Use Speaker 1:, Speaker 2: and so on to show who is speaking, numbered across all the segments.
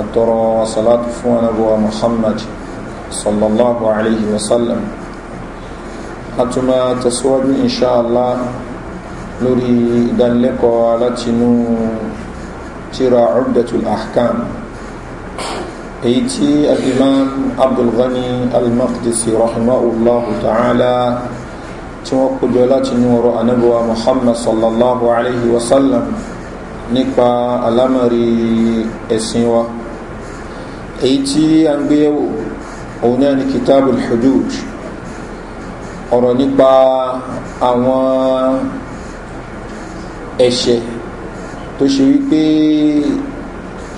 Speaker 1: الدرى صلاة فون أبو محمد صلى الله عليه وسلم أتما تسود إن شاء الله لوري دلق لتنو ترى عبدة الأحكام أيتي الإمام عبد الغني المقدسي رحمه الله تعالى توقد لتنور أنبوى محمد صلى الله عليه وسلم نكبى الأمر السنوى èyí tí a ń gbé yẹ̀wò òun náà ni kitabu hudud ọ̀rọ̀ nípa àwọn ẹ̀ṣẹ̀ tó ṣe wípé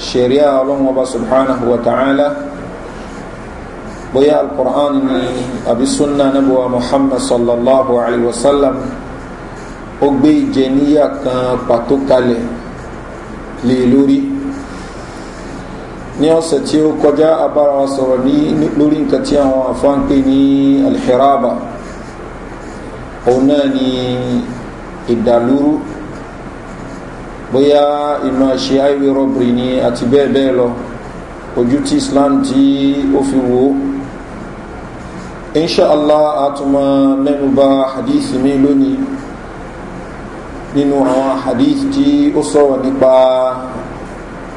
Speaker 1: ṣẹ̀ríà ọlọ́run ọba subhanahu wa ta'ala bóyá alkur'an ni àbí sunna nabuwa muhammad sallallahu alaihi wasallam ó gbé ìjẹníyà kan pàtó kalẹ̀ lè lórí ní ọ̀sẹ̀ tí ó kọjá abára wa sọ̀rọ̀ ní lórí nǹkan tí àwọn afáàn pè ní alhiraba òun náà ni ìdàlúrú bóyá ìmọ̀ ṣe highway robbery ni àti bẹ́ẹ̀ bẹ́ẹ̀ lọ ojú tí islam tí ó fi wò ó inṣàlá àtúmọ̀ mẹ́nuba hadith mi lónìí nínú àwọn hadith tí ó sọ̀rọ̀ nípa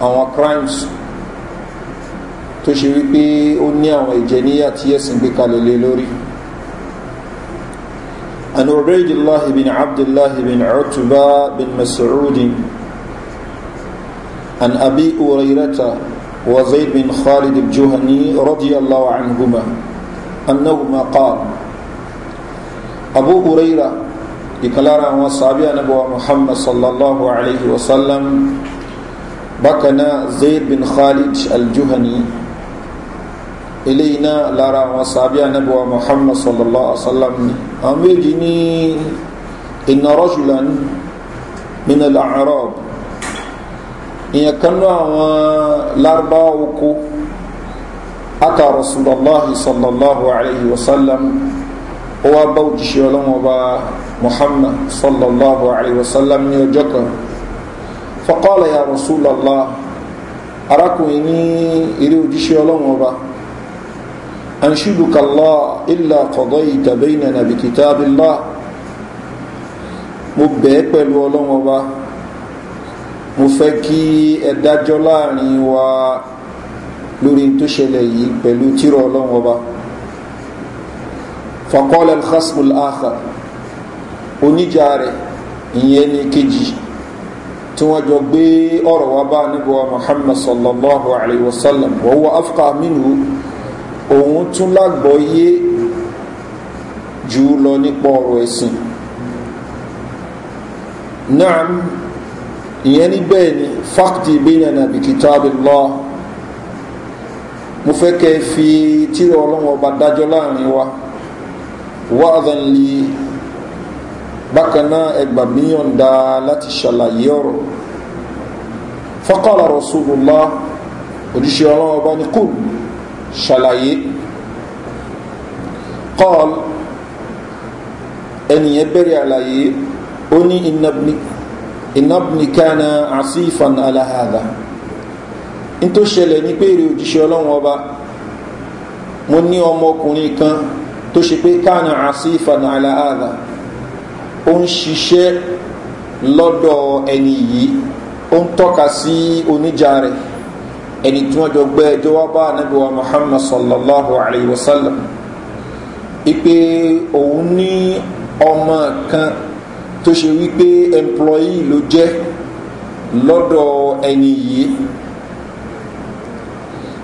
Speaker 1: àwọn crimes tó ṣe wípé ó ní àwọn ìjẹníyà tí ẹ̀sìn gbé kalẹ̀ lé lórí عن عبيد الله بن عبد الله بن عتبة بن مسعود عن أبي أريرة وزيد بن خالد الجهني رضي الله عنهما أنهما قال أبو هريرة إكلارا وصابي نبوة محمد صلى الله عليه وسلم بكنا زيد بن خالد الجهني eléyìí náà lára àwọn sàbíà nàbẹ̀wà muhammad sallallahu alaihi wa sallam ni àwọn méjì ní iná rọ́ṣùlán min al-arab ìyẹn kanú àwọn lárúbá oko ata rasulallahu sallallahu alaihi wa sallam ó wá bá òjìṣẹ́ ọlọ́wọ́n bá muhammad sallallahu alaihi wa sallam ní ọjọ́ kan fọ́kọ́lá ya rasulallah arákùnrin ní eré òjìṣẹ́ ọlọ́wọ́n bá أنشدك الله إلا قضيت بيننا بكتاب الله mo bẹ́ẹ̀ pẹ̀lú ọlọ́run ọba mo fẹ́ kí ẹ dájọ́ láàrin wa lórí tó ṣẹlẹ̀ yìí pẹ̀lú tírọ̀ ọlọ́run ọba fakọ́lẹ̀ alhasmul aha oníjà rẹ̀ ìyẹn ní kejì tí wọ́n jọ gbé ọ̀rọ̀ wa bá níbo muhammad sallallahu alayhi wa sallam wọ́n wọ́n afka minhu òun tún lágbọ́yé jù lọ nípa ọ̀rọ̀ ẹ̀sìn náà ìyẹn níbẹ̀ ni fáktì ìbéèrè nàbì kìtàbí lọ mo fẹ́ kẹ́ fi tíra ọlọ́wọ́ ọba dájọ́ láàrin wa wáàdàn lè bákan náà ẹgbà míyànda láti ṣàlàyé ọ̀rọ̀ fọ́kànlá rasulullah òjíṣẹ́ ọlọ́wọ́ ọba ní kúrò ṣàlàyé kọ́ọ̀l ẹnìyẹn bẹ̀rẹ̀ àlàyé ó ní ìnábìnìkánà àṣìfàn aláhàdà nítò ṣẹlẹ̀ ní pé èrè òjíṣẹ́ ọlọ́run ọba mo ní ọmọkùnrin kan tó ṣe pé kánà àṣìfàn aláhàdà ó ń ṣiṣẹ́ lọ́dọ̀ ẹni yìí ó ń tọ́ka sí oníjà rẹ̀ ẹni tí wọ́n jọ gbé ẹjọ́ wá bá anabi wa muhammad sallallahu alayhi wa sallam ipe òun ní ọmọ kan tó ṣe wípé ẹmplọ́yì ló jẹ́ lọ́dọ̀ ẹni yìí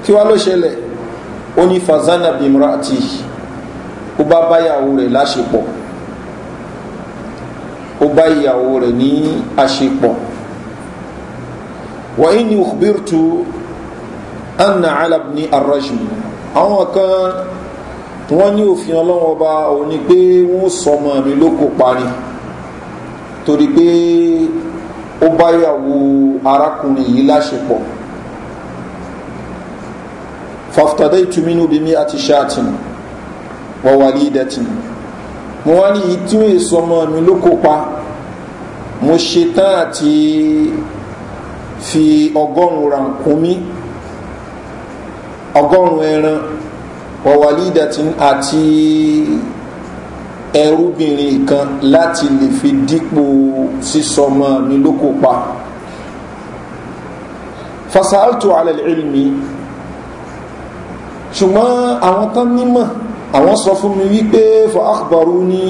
Speaker 1: kí wá ló ṣẹlẹ̀ ó ní fazana bimrati ó bá báyàwó rẹ̀ láṣepọ̀ ó bá ìyàwó rẹ̀ ní àṣepọ̀ wọ́n ní òkúbírtu anna alabni arajim àwọn kan wọ́n ní òfin ọlọ́wọ́ ọba òun ni pé wọ́n sọmọ mi lóko parí torí pé ó báyàwó arákùnrin yìí láṣepọ̀ fàftàdé ìtumínú bí mi àti ṣáàtìn wọ̀wàlì ìdẹ̀tìn mo wá ní yìí tí ó èso ọmọ mi ló kópa mo ṣetán àti fi ọgọ́rùn-ún rànkúnmí ọgọ́rùn-ún ẹran wọ̀wàlídàtín àti ẹrúbìnrin kan láti lè fi dípò sísọmọ mi lóko pa fasaltu alẹ́ ilmi ṣùgbọ́n àwọn tán nímọ̀ àwọn sọ fún mi wípé fọ akbaru ní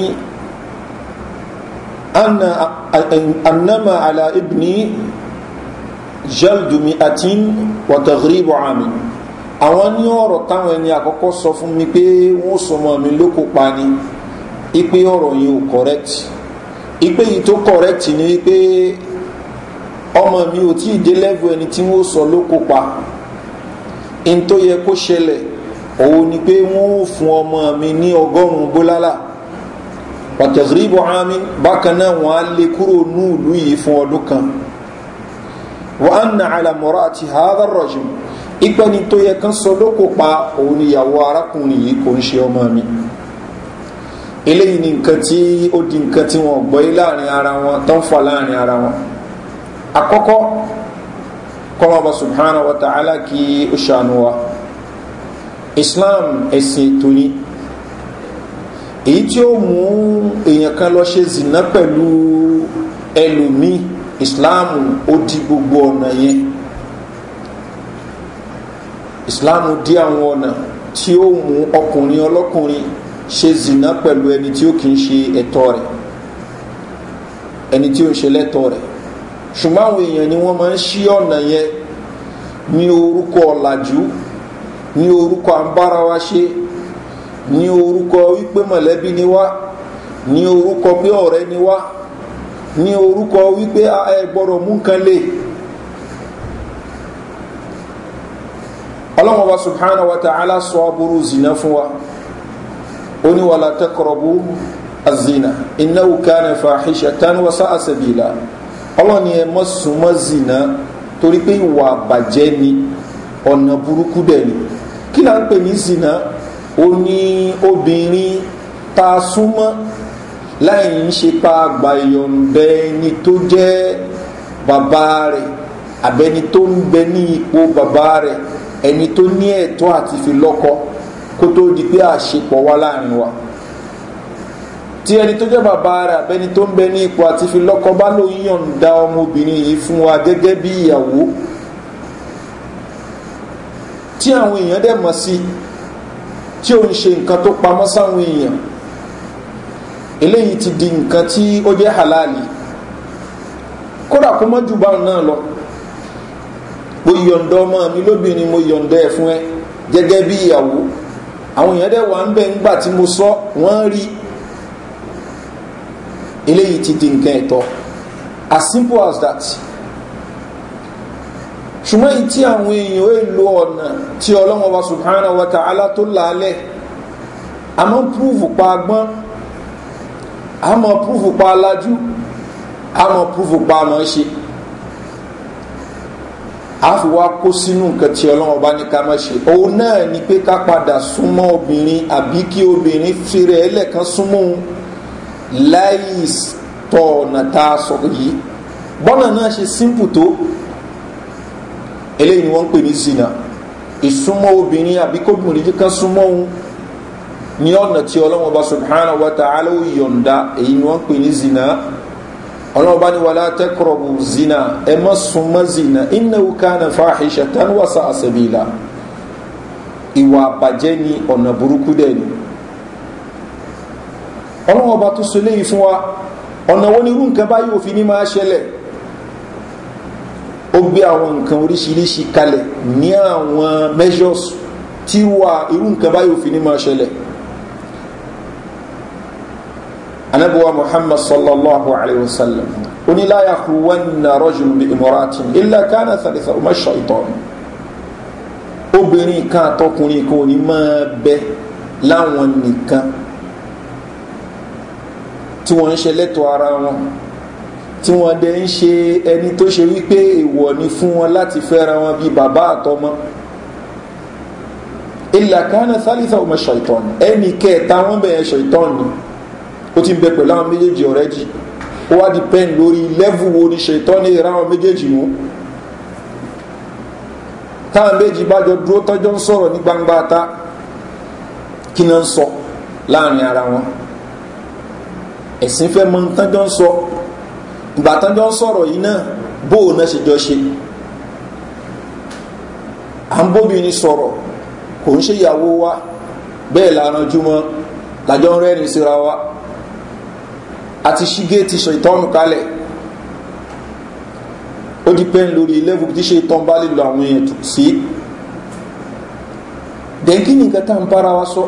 Speaker 1: annama ala ibni jaldumi atin wa tagribu amin àwọn ní ọ̀rọ̀ táwọn ẹni àkọ́kọ́ sọ fún mi pé wọ́n sọ mi ni ipe ọ̀rọ̀ yìí ò correct ipe yìí tó ni wípé ọmọ mi ò tí ì dé ẹni tí wọ́n sọ n yẹ kó ṣẹlẹ̀ òun ni pé wọ́n ò fún ọmọ mi ní ọgọ́rùn-ún bólálà bákan wọ́n á lé kúrò ìpẹ́ni tó yẹ kán sọ lóko pa òun níyàwó arákùnrin yìí kò ń ṣe ọmọ mi eléyìí ni nǹkan tí ó di nǹkan tí wọn gbọ́ yé láàrin ara wọn tó ń fa láàrin ara wọn àkọ́kọ́ kọ́mọba subhanahu wa ta'ala kí ó ṣàánú wa islam ẹ̀sìn tóní èyí tí ó mú èèyàn kan lọ ṣe zìnà pẹ̀lú ẹlòmíì islam ó di gbogbo ọ̀nà yẹn islam dí àwọn ọ̀nà tí ó mú ọkùnrin ọlọ́kùnrin ṣe zina pẹ̀lú ẹni tí ó kì í ṣe ẹ̀tọ́ rẹ̀ ẹni tí ó ń ṣe lẹ́tọ́ rẹ̀ ṣùgbọ́n àwọn èèyàn ni wọ́n máa ń ṣí ọ̀nà yẹn ní orúkọ ọ̀làjú ní orúkọ àǹbára ṣe ní orúkọ wípé mọ̀lẹ́bí ni wá ní orúkọ pé ọ̀rẹ́ ni wá ní orúkọ wípé ẹ gbọ́dọ̀ mú nǹkan lè ọlọ́wọ́n wa subhana wa ta'ala sọ aburú zina fún wa ó ní wàlá tẹkọrọbù azina iná wùkánẹ fàáhíṣà tán wasa asabila ọlọ́ni ẹ mọ́ súnmọ́ zina torí pé ìwà àbàjẹ́ ni ọ̀nà burúkú dẹ̀ ni kí là ń pè ní zina ó ní obìnrin ta súnmọ́ láì ń ṣe pa àgbà ìyọ̀ǹbẹ ẹni tó jẹ́ bàbá rẹ̀ àbẹni tó ń bẹ ní ipò bàbá rẹ̀ ẹni tó ní ẹ̀tọ́ àti fi lọ́kọ kó tó di pé àṣepọ̀ wá láàrin wa tí ẹni tó jẹ́ bàbá rẹ̀ abẹ́ni tó ń bẹ ní ipò àti fi lọ́kọ bá ló yíyànda ọmọbìnrin yìí fún wa gẹ́gẹ́ bí ìyàwó tí àwọn èèyàn dẹ̀ mọ̀ sí tí ó ń ṣe nǹkan tó pamọ́ sáwọn èèyàn eléyìí ti di nǹkan tí ó jẹ́ halali kódà kó mọ́ jù báwọn náà lọ mo yọ̀ǹda ọmọ mi lóbìnrin mo yọ̀ǹda ẹ̀ fún ẹ gẹ́gẹ́ bí ìyàwó àwọn èèyàn dẹ̀ wà ń bẹ̀ ńgbà tí mo sọ wọ́n rí eléyìí ti di nǹkan ẹ̀tọ́ as simple as that ṣùgbọ́n èyí tí àwọn èèyàn ó lo ọ̀nà tí ọlọ́wọ́n wa subhanahu wa ta'ala tó lálẹ́ àmọ́ púrúfù pa agbọ́n àmọ́ púrúfù pa alájú àmọ́ púrúfù pa àmọ́ ṣe a wa wá kó sínú nǹkan tí ọlọ́run bá ní ká má ṣe òun náà ni pé ká padà súnmọ́ obìnrin àbí kí obìnrin fìrẹ̀ ẹlẹ́kan súnmọ́ òun láì tọ̀ ọ̀nà tá a sọ yìí bọ́nà náà ṣe símpù tó eléyìí ni wọ́n ń pè ní zina ìsúnmọ́ obìnrin àbí kóbìnrin jí kan súnmọ́ òun ní ọ̀nà tí ọlọ́run bá subhanahu wa ta'ala ó yọ̀ǹda èyí ni wọ́n ń pè ní zina ọlọ́run bá ní wàlá tẹ́kọ̀rọ̀bù zina ẹ má súnmọ́ zina iná kánà fàáhìṣà tán wàsá àṣẹbìlà ìwà àbàjẹ́ ni ọ̀nà burúkú dẹ̀ ni ọlọ́run ọba tó so léyìí fún wa ọ̀nà wo ni irú nǹkan báyìí òfin ní máa ṣẹlẹ̀ ó gbé àwọn nǹkan oríṣiríṣi kalẹ̀ ní àwọn measures tí wà irú nǹkan báyìí òfin ní máa ṣẹlẹ̀ muhammad sallallahu alayhi wa sallam oníláyà kúwánà rọ́jùlù bí ìmọ̀ràtún ilẹ̀ kánà sàlẹ̀sà ọmọ ṣọ̀ìtọ́nù obìnrin kan àtọkùnrin kan ò ní máa bẹ láwọn nìkan tí wọ́n ń ṣe lẹ́tọ̀ọ́ ara wọn tí wọ́n dẹ̀ ń ṣe ẹni tó ṣe wípé èèwọ̀ ni fún wọn láti fẹ́ra wọn bíi bàbá àtọmọ ilẹ̀ kánà sàlẹ̀sà ọmọ ẹnì kẹta wọn bẹ̀yẹn ṣọ̀ìtọ́nù ó ti ń bẹ pẹ̀lú àwọn méjèèjì ọ̀rẹ́dì ó wá di pen lórí lẹ́vù wo ni ṣètọ́ ní ìran àwọn méjèèjì mú táwọn méjì bá jọ dúró tọ́jọ́ ń sọ̀rọ̀ ní gbangba ta kí náà ń sọ láàrin ara wọn ẹ̀sìn fẹ́ mọ tọ́jọ́ ń sọ ìgbà tọ́jọ́ ń sọ̀rọ̀ yìí náà bóò náà ṣe jọ ṣe à ń bóbi ni sọ̀rọ̀ kò ń ṣe ìyàwó wa bẹ́ẹ̀ lànà jùmọ̀ làjọ ń rẹ́rìn síra wa àti ṣígé ti sọ ìtọ́nù kalẹ̀ ó di pẹ́ lórí level tí ṣe ìtọ́n bá lè lo àwọn èèyàn sí dẹ́kí ni nǹkan tá à ń bára wa sọ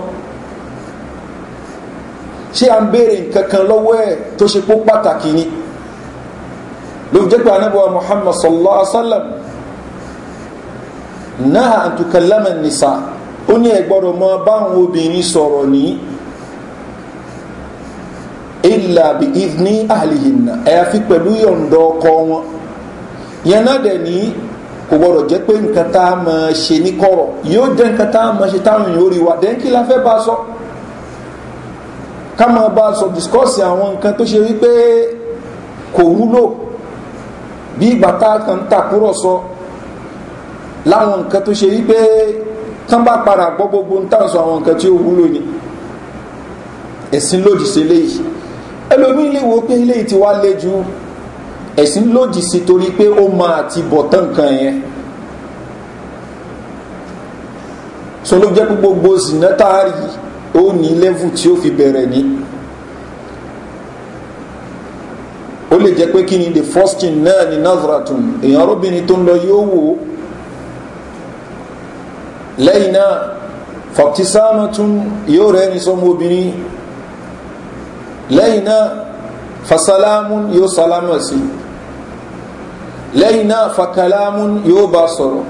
Speaker 1: ṣé à ń béèrè nǹkan kan lọ́wọ́ ẹ̀ tó ṣe pó pàtàkì ni ló fi jẹ́ anábọ̀ muhammad sallallahu alaihi wa sallam náà àtúkàlámẹ̀ nìsa ó ní ẹ̀gbọ́dọ̀ mọ báwọn obìnrin sọ̀rọ̀ nìyí ilà bí ní àlìhìnà àyàfi pẹ̀lú yọ̀ǹdọ̀ ọkọ wọn yẹn náà dẹ̀ ní kò gbọ́dọ̀ jẹ́ pé nǹkan tá a máa ṣe ní kọ̀rọ̀ yóò jẹ́ nǹkan tá a máa ṣe táwọn èèyàn orí wa dẹ́ńkì la fẹ́ bá sọ ká máa bá sọ discourse àwọn nǹkan tó ṣe wípé kò wúlò bí ìgbà tá a kan tàkúrọ̀ sọ láwọn nǹkan tó ṣe wípé tán bá padà gbọ́ gbogbo ń tàn sọ àwọn nǹkan tí ó wúlò ni ẹ̀sìn lòdì sí eléyìí ẹlòmí ilé wo pé ilé ti wá lé ju ẹ̀sìn lòdì sí torí pé ó máa ti bọ̀ tán nǹkan yẹn so ló jẹ́ gbogbo zinatari ó ní lẹ́vù tí ó fi bẹ̀rẹ̀ ní ó lè jẹ́ pé kí ni the first thing náà ni nazratun èèyàn arúbìnrin tó ń lọ yóò wò ó lẹ́yìn náà fọ̀tísánà tún yóò rẹ́ni sọmọ obìnrin lẹ́yìn náà fasalamun yóò salama sí lẹ́yìn náà fakalamun yóò bá sọ̀rọ̀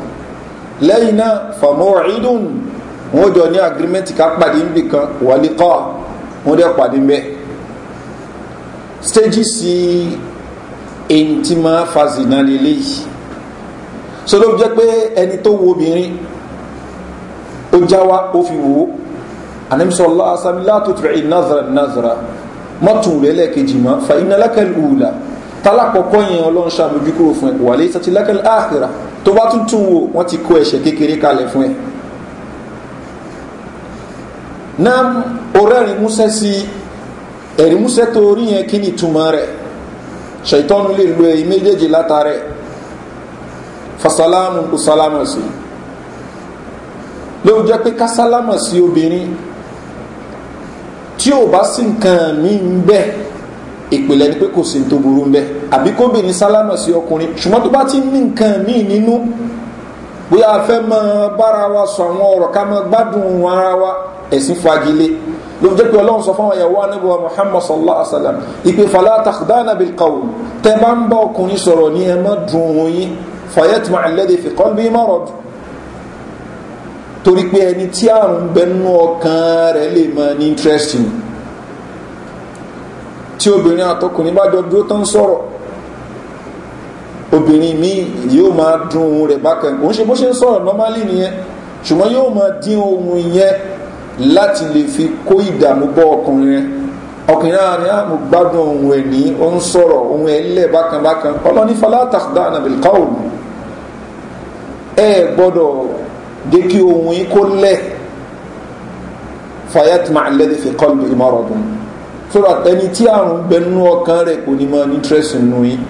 Speaker 1: lẹ́yìn náà famọ́ọ̀ídùn wọ́n jọ ní agirimẹ́ntì ká pàdé níbi kan wàlíkọ́ wọ́n dẹ̀ pàdé mbẹ́ stéjì sí èyí tí máa fa zina lélẹ́yìí so ló jẹ́ pé ẹni tó wo obìnrin ó jáwá ó fi wò ó anamisọ́lá asamilá tó tẹ̀rẹ̀ ìnázara ìnázara mọ́tò rẹ̀ lẹ́ẹ̀kejì mọ́ fa iná lákẹ́lì òòlà tálákọ̀ọ́kọ́ yẹn ọlọ́run ṣàmójú kúrò fún ẹ wà lè sàtì lákẹ́lì àhìrà tó bá tún tún wò wọ́n ti kó ẹ̀ṣẹ̀ kékeré kalẹ̀ fún ẹ. náà orẹ́rìn músẹ́ sí ẹ̀rí músẹ́ tó rí yẹn kí ni ìtumọ̀ rẹ̀ ṣètọ́nu lè lo ẹ̀yìn méjèèjì látàrẹ̀ fasalamu kò sálámù sí lóun jẹ́ pé ká sí obìnrin tí ò bá sí nǹkan mi ń bẹ́ ìpìlẹ̀ ni pé kò sí tó burú ń bẹ́ àbí kóbìnrin sálámà sí ọkùnrin ṣùgbọ́n tó bá ti ní nǹkan mi nínú bóyá a fẹ́ mọ bára wa sọ àwọn ọ̀rọ̀ ká mọ gbádùn ara wa ẹ̀sìn fagilé ló jẹ́ pé ọlọ́run sọ fáwọn ìyàwó anábọ̀ muhammad sallallahu alaihi wa sallam ìpè fàlà takhdana bil qawl tẹ bá ń bá ọkùnrin sọ̀rọ̀ ní ẹ mọ́ dùn òun yín fayetma alẹ́dẹ̀ fi kọ́lbí mọ́rọ̀dù torí pé ẹni tí àrùn bẹnu ọkàn rẹ̀ lè mọ ní interest ni tí obìnrin àtọkùnrin bá jọ dúró tán sọ̀rọ̀ obìnrin míì yóò máa dun ohun rẹ̀ bákan òun ṣe bó ṣe ń sọ̀rọ̀ normally nìyẹn ṣùgbọ́n yóò máa dín ohun yẹn láti lè fi kó ìdààmú bọ́ ọkùnrin rẹ̀ ọkùnrin náà ni àmú ah, gbádùn ohun ẹ̀ ní ó ń sọ̀rọ̀ ohun ẹ̀ lẹ̀ bákan bákan ọlọ́ni falata dáná bìlkáwò ẹ gbọ́dọ̀ jẹ́ kí ohun yìí kó lẹ̀ fayatma alẹ́dí fi kọ́lù ìmọ̀rọ̀dùn so that ẹni tí àrùn gbẹnú ọkàn rẹ̀ kò ní mọ interest nù yín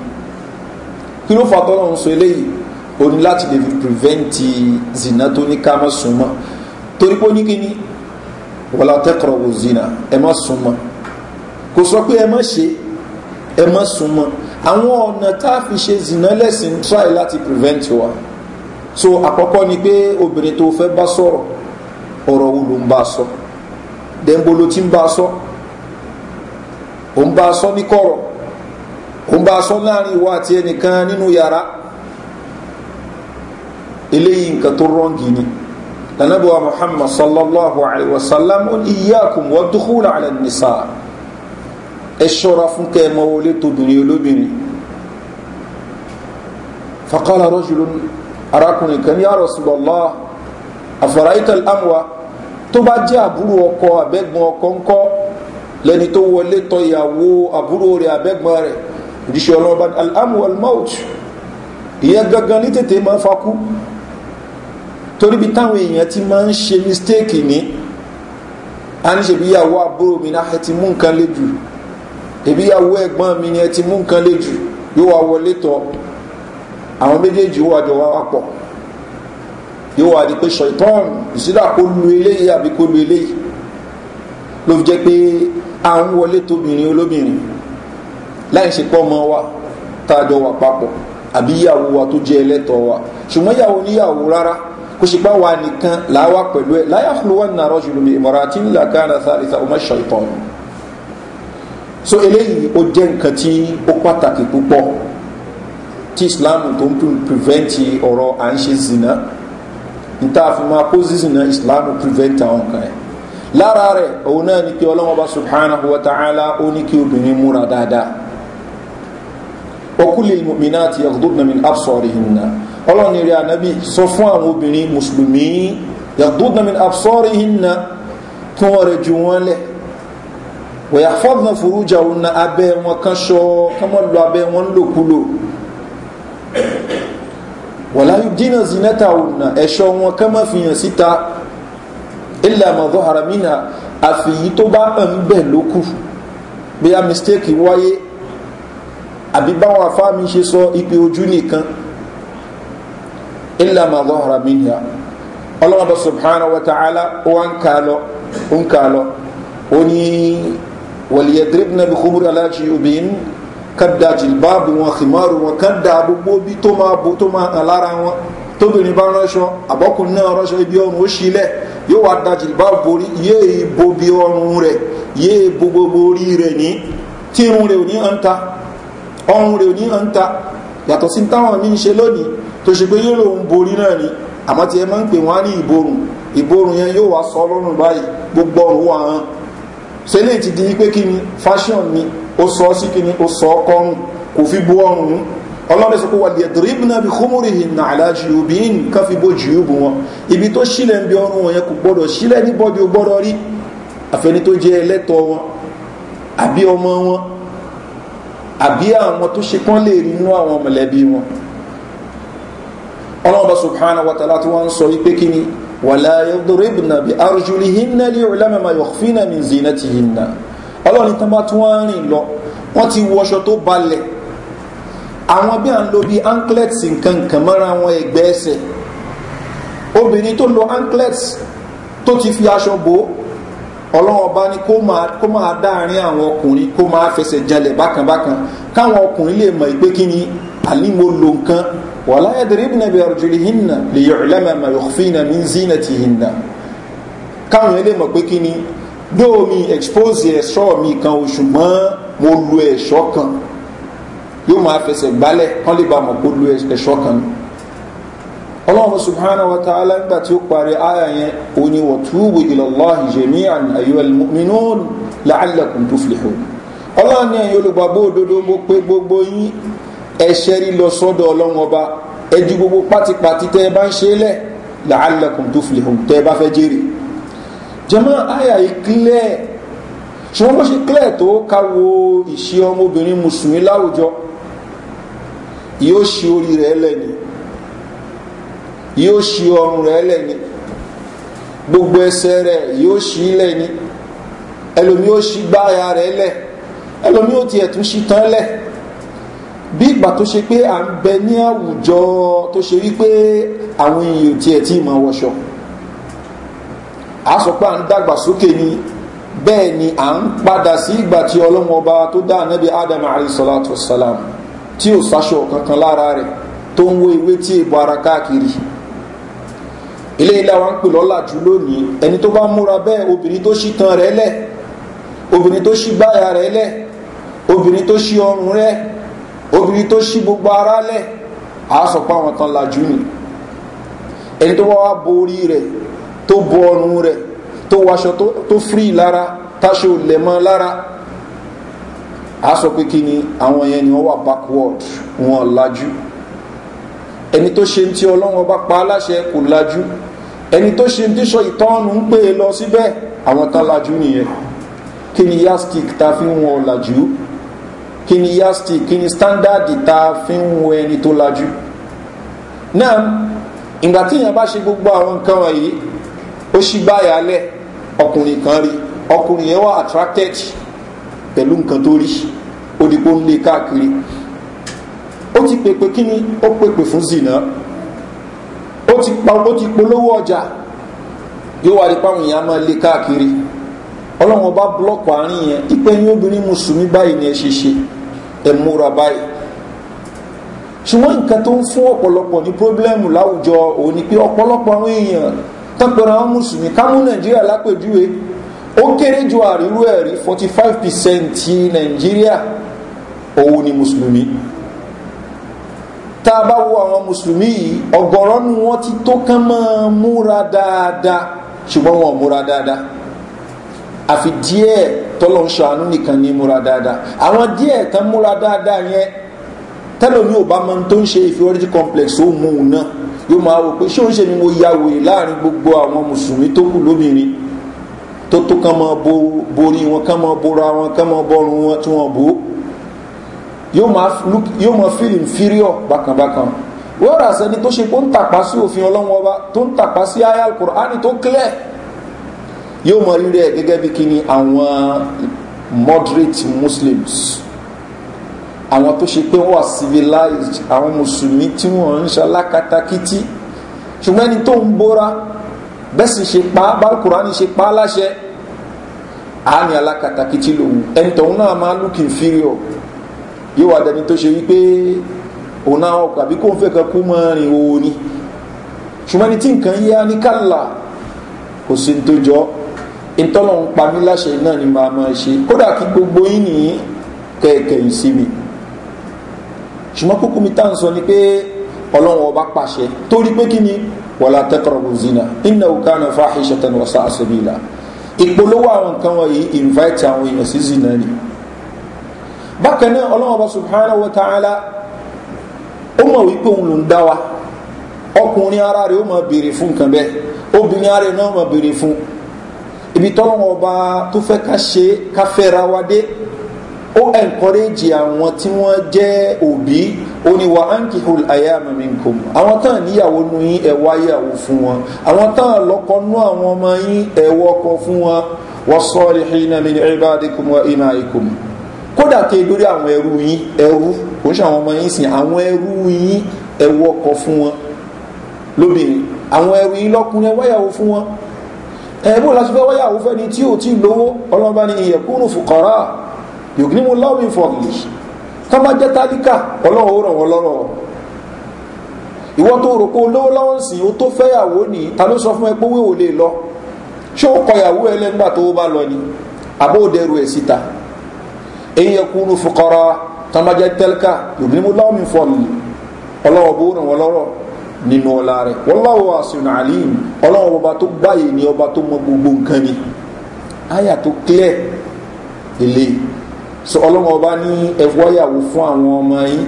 Speaker 1: kí ló fà tọ́lọ́run sọ eléyìí o ní láti lè fi prevent zina tó ní ká má súnmọ́ torí pé ó ní kí tẹ́kọ̀rọ̀ wò zina ẹ má súnmọ́ kò sọ pé ẹ má ṣe ẹ má súnmọ́ àwọn ọ̀nà tá a fi ṣe zina lẹ́sìn try láti prevent wa so àkọ́kọ́ ni pé obìnrin tó fẹ́ bá sọ̀rọ̀ ọ̀rọ̀ wo ló ń bá sọ dẹ́nbo ló ti ń bá sọ ò ń bá sọ ní kọ̀rọ̀ ò ń bá sọ láàrin ìwọ àti ẹnìkan nínú yàrá eléyìí nǹkan tó rọ́ǹgì ni lanabuwa muhammad sallallahu alaihi wasallam ó iyakun wọ́n dúkúlà alẹ́ nìsa ẹ ṣọ́ra fún kẹ́ẹ̀mọ́ wọlé tóbìnrin olóbìnrin fakọ́lá rọ́jùlónìí arákùnrin kan yá rọ̀sùlọ́lá àfàráìtàl amwa tó bá jẹ́ àbúrò ọkọ àbẹ́gbọ́n ọkọ ńkọ́ lẹ́ni tó wọlé tọ ìyàwó àbúrò rẹ̀ àbẹ́gbọ́n rẹ̀ òjíṣẹ́ ọlọ́ba al-amwal mouth ìyẹn gangan ní tètè máa fakú torí bí táwọn èèyàn ti máa ń ṣe mistake ní a ní ṣèbí ìyàwó àbúrò mi náà ẹ ti mú nǹkan lé jù ìbíyàwó ẹ̀gbọ́n mi ni ẹ ti mú nǹkan lé jù yóò wá wọlé tọ́ àwọn méjèèjì ó wájọ wá wá pọ̀ yóò wá di pé ṣọ̀tọ́n ìsídà kó lu eléyìí àbí kó lu eléyìí ló fi jẹ́ pé à ń wọlé tóbìnrin olóbìnrin láì ṣe pọ́ ọmọ wa táàjọ wà papọ̀ àbí ìyàwó wa tó jẹ́ ẹlẹ́tọ̀ọ́ wa ṣùgbọ́n ìyàwó níyàwó rárá kò sì pa wa nìkan làwa pẹ̀lú ẹ̀ láyà fún wa nàró jùlọ bí ìmọ̀ràn àti ńlá gánà sáàrìsà ọmọ ṣọ̀tọ́n so eléyìí ó jẹ́ nǹkan tí ó pàtàkì púpọ̀ tí islam tó ń prevent ọ̀rọ̀ à ń ṣe zina níta fi máa kó zina islam prevent àwọn kan ẹ̀ lára rẹ̀ òun náà ni pé ọlọ́wọ́n bá subhanahu wa ta'ala ó ní kí obìnrin múra dáadáa ọkùnrin mọ̀mìnà àti yàgùdùnà mi absọ̀rì hinna ọlọ́run ni rí anábì sọ fún àwọn obìnrin mùsùlùmí yàgùdùnà mi absọ̀rì hinna kí wọ́n rẹ̀ ju wọn lẹ̀ wọ̀yà fọ́dùnà fúrújà òun na abẹ́ wọn kan ṣọ́ kí wọ́n lo abẹ́ wọn lòkulò wọ̀lá jìnnà zinata ònà ẹ̀ṣọ́ wọn ká má fi hàn síta ilẹ̀ àmọ̀dọ́ haramina àfìyí tó bá hàn bẹ̀ lókù bí a mistake wáyé àbí báwọn afáàmì ṣe sọ ipe ojú nìkan ilẹ̀ àmọ̀dọ́ haramina ọlọ́mọba subhana wa ta'ala wa ń ka lọ ń ka lọ ó ní wàlíyàdírẹ́bìnà bí kúrú aláàjì obìnrin kan da jìlbáàbù wọn kìmọ́rù wọn kan da gbogbo bí tó máa bo tó máa hàn lára wọn tóbìnrin bá ránṣọ àbọ́kùnrin náà ránṣọ ibi ọrùn ó ṣílẹ̀ yóò wá da jìlbáàbù borí yéè bo bí ọrùn rẹ̀ yéè bo gbogbo orí rẹ̀ ní tí irun ò ní hàn ta ọrùn rẹ̀ ò ní hàn ta yàtọ̀ sí táwọn ní í ṣe lónìí tó ṣe pé yóò lòun borí náà ni àmọ́ tí ẹ máa ń pè wọ́n á ní ìborùn ìborùn yẹn yóò wá sọ lọ́rùn báyìí gbogbo ọrùn wà hàn ṣe ti di wípé kí ni fashion ni ó sọ sí kíni ó sọ ọkọrùn kò fi bó ọrùn ọlọ́run sọ pé wà lẹ́dìrìbìnà bí kúmùrì hìnà aláàjì obìnrin ká fi bó jù bù wọn ibi tó sílẹ̀ ń bí ọrùn wọn yẹn kò gbọ́dọ̀ sílẹ̀ ní bọ́dí ó gbọ́dọ̀ rí àfẹni tó jẹ́ ẹlẹ́tọ̀ wọn àbí ọmọ wọn àbí àwọn tó ṣe kán lè rí nínú àwọn mọ̀lẹ́bí wọn ọlọ́run subhanahu wa ta'ala tí wọ́n ń sọ wípé kí ni wà láyé dìrìbìnà bí arjuli hìnà lè ọlọ́run tán bá tún wọ́n rìn lọ wọ́n ti wọṣọ tó balẹ̀ àwọn bí à ń lo bíi anklets nǹkan nǹkan mọ́ra wọn ẹ̀gbẹ́ ẹsẹ̀ obìnrin tó lo anklets tó ti fi aṣọ bò ó ọlọ́run ọba ni kó máa dáàrin àwọn ọkùnrin kó máa fẹsẹ̀ jalẹ̀ bákanbákan káwọn ọkùnrin lè mọ̀ ìpé kí ni àlímọ̀ lo nǹkan wàlá ẹ̀dẹ̀rẹ́bìnà bí ọ̀rọ̀jùlì hinna lè yọ̀ ìlẹ́mẹ̀mẹ̀ yọ̀fínà ní zínà ti hinna káwọn ilé mọ̀ pé kí ni dóò mi expose ẹ̀ṣọ́ mi kan o ṣùgbọ́n mo lu ẹ̀ṣọ́ kan yóò máa fẹsẹ̀ gbálẹ̀ kán lè bá mọ̀ kó lu ẹ̀ṣọ́ kan ni ọlọ́run subhana wa ta'ala nígbà tí ó parí àyà yẹn ó ní wọ́n túbú ìlọ́láhi jẹ̀mí àni àyọ̀lmínú làálẹ̀kùn tó fìlẹ̀hó ọlọ́run ní ẹ̀yìn olùgbàgbọ́ òdodo mo pé gbogbo yín ẹ̀ṣẹ́ rí lọ sọ́dọ̀ ọlọ́run ọba ẹjú gbogbo pátipàti tẹ́ ẹ bá ń ṣe é lẹ̀ làálẹ̀kùn tó fìlẹ̀hó tẹ́ ẹ bá fẹ́ jèrè jẹmọ́ àyà ìkílẹ̀ ṣùgbọ́n bó ṣe kílẹ̀ tó káwo ìṣe ọmọbìnrin mùsùlùmí láwùjọ yóò ṣe orí rẹ̀ lẹ́ni yóò ṣe ọrùn rẹ̀ lẹ́ni gbogbo ẹsẹ̀ rẹ̀ yóò ṣe lẹ́ni ẹlòmí ó ṣe gbáya rẹ̀ lẹ̀ ẹlòmí ó tiẹ̀ tún ṣe tán lẹ̀ bí ìgbà tó ṣe pé à ń bẹ ní àwùjọ tó ṣe wípé àwọn èèyàn tiẹ̀ tí ì máa wọṣọ àsọpá ń dàgbà sókè ni bẹ́ẹ̀ ni à ń padà sí ìgbà tí ọlọ́run ọba tó dá anábì adam alayhisalatu wasalam tí ò sáṣọ kankan lára rẹ̀ tó ń wo ìwé tí èbò ara káàkiri ilé ilé wa ń pè lọ́làjú lónìí ẹni tó bá múra bẹ́ẹ̀ obìnrin tó ṣí tan rẹ̀ lẹ̀ obìnrin tó ṣí gbáyà rẹ̀ lẹ̀ obìnrin tó ṣí ọrùn rẹ̀ obìnrin tó ṣí gbogbo ara lẹ̀ àásọ̀pá àwọn tán lajú ni ẹni tó wá wá bo rẹ̀ tó bọ ọrùn rẹ̀ tó waṣọ tó fírí lára táṣọ lẹ̀mọ́ lára a sọ pé kí ni àwọn yẹn ni wọ́n wà backward wọn lajú ẹni tó ṣe tí ọlọ́wọ́n bá pa aláṣẹ kò lajú ẹni tó ṣe tíṣọ ìtọ́nù ń pè é lọ síbẹ̀ àwọn tán lajú nìyẹn kí ni yastik ta fi ń wọn ọ̀làjú kí ni yastik kí ni standard ta fi ń wọn ẹni tó lajú náà ìgbà tí èèyàn bá ṣe gbogbo àwọn nǹkan wọ̀nyí ó ṣí báyà lẹ̀ ọkùnrin kan rí ọkùnrin yẹn wà attracted pẹ̀lú nǹkan tó rí ó di pé ó ń lé káàkiri ó ti pèpè kí ni ó pèpè fún zina ó ti polówó ọjà yóò wá di páwọn èèyàn máa lé káàkiri ọlọ́run ọba búlọ́ọ̀kù àárín yẹn ìpẹ́yìn obìnrin mùsùlùmí báyìí ni ẹ ṣe ṣe ẹ múra báyìí ṣùgbọ́n nǹkan tó ń fún ọ̀pọ̀lọpọ̀ ní pírọ́blẹ́mù láwùjọ òun ni pé ọ̀pọ̀lọpọ̀ àwọn èèyàn tọ́pẹ̀rẹ̀ àwọn mùsùlùmí ká mú nàìjíríà lápèjúwe ó kéré ju àríwú ẹ̀rí forty five percent ti nàìjíríà òun ni mùsùlùmí tá a bá wo àwọn mùsùlùmí yìí ọ̀gọ̀rọ̀ nu wọn ti tó kán máa múra dáadáa ṣùgbọ́n wọn ò múra dáadáa àfi díẹ̀ tọ́lọ́ ń nìkan ní múra dáadáa àwọn díẹ̀ tán múra dáadáa yẹn tẹ́lẹ̀ mi ò bá mọ tó ń ṣe ìfiwọ́rẹ́jì complex ó mú un náà yóò máa wò pé ṣé òun ṣe ni mo ya wèrè láàrin gbogbo àwọn mùsùlùmí tó kù lóbìnrin tó tó kán máa borí wọn kán máa bora wọn kán máa bọrun wọn tí wọn bò ó yóò máa feel inferior bákanbákan wọ́n rà sẹ́ni tó ṣe kó ń tàpá sí òfin ọlọ́run ọba tó ń tàpá sí ayé alukur'ani tó clear yóò mọ rírẹ̀ gẹ́gẹ́ bí kíni àwọn moderate muslims àwọn tó ṣe pé wà civilized àwọn mùsùlùmí tí wọ́n ń ṣalákatakítí ṣùgbọ́n ẹni tó ń bóra bẹ́sì ṣe pa bárkùránì ṣe pa láṣẹ àání alákatakítí lòun ẹni tọ̀hún náà máa look inferior yóò wà dẹni tó ṣe wípé òun náà ọkọ̀ àbí kó ń fẹ́ kan kú mọ́ rìn òun ni ṣùgbọ́n ẹni tí nǹkan yá ní kálà kò sí ní tó jọ́ ìtọ́lọ́hún pa mí láṣẹ náà ni màá máa ṣe kódà kí gbogbo yín nìyí kẹ̀kẹ́ yìí sí ṣùgbọ́n kúkú mi tá sọ ni pé ọlọ́run ọba pàṣẹ torí pé kí ni wàlá tẹ́kọ̀rọ̀bù zina iná òkà náà fà áhìṣẹ́ tẹnu ọ̀sá àṣẹbìlà ìpolówó àwọn nǹkan wọ̀nyí invite àwọn èèyàn sí zina ni bákan náà ọlọ́run ọba subhanahu wa ta'ala ó mọ̀ wípé òun ló ń dá wa ọkùnrin ara rẹ̀ ó mọ̀ béèrè fún nǹkan bẹ́ẹ̀ obìnrin ara rẹ̀ náà mọ̀ béèrè fún ibi tọ́lọ́run ọba tó fẹ́ ká ṣe ká fẹ́ ra wa dé ó encourage àwọn tí wọ́n jẹ́ òbí ó ní wa ankihul ayama minkum àwọn tán níyàwó nu yín ẹ wáyàwó fún wọn àwọn tán lọ́kọ nú àwọn ọmọ yín ẹ wọ́kọ fún wọn wassalihina min ibadikum wa imaikum kódà tẹ lórí àwọn ẹrú yín ẹrú kò ń ṣe àwọn ọmọ yín sìn àwọn ẹrú yín ẹ wọ́kọ fún wọn lóbìnrin àwọn ẹrú yín lọ́kùnrin ẹ wáyàwó fún wọn ẹ̀bùn yògìnímù lọ́wọ́ ìfọ̀gìlì tán bá jẹ́ tálíkà ọlọ́run ó ràn wọ́n lọ́rọ̀ ìwọ́ tó rò pé olówó lọ́wọ́ ń sìn ó tó fẹ́yàwó ní ta ló sọ fún ẹ pé wé ò lè lọ ṣé ó kọyàwó ẹ lẹ́gbà tó bá lọ ni àbó dẹrù ẹ̀ síta èyí yẹ kúrú fukọrọ tán jẹ́ tálíkà yògìnímù lọ́wọ́ ìfọ̀gìlì ọlọ́wọ́ bó ràn wọ́n lọ́rọ̀ nínú ọlá rẹ̀ wọ́láwọ́ àṣìrìn àlìm ọlọ́wọ́ ọba tó gbáyé ni ọba tó mọ gbogbo nǹkan ni àyà tó clear lélẹ́yìí so ọlọ́wọ́n ọba ní ẹ̀wáyàwó fún àwọn ọmọ yín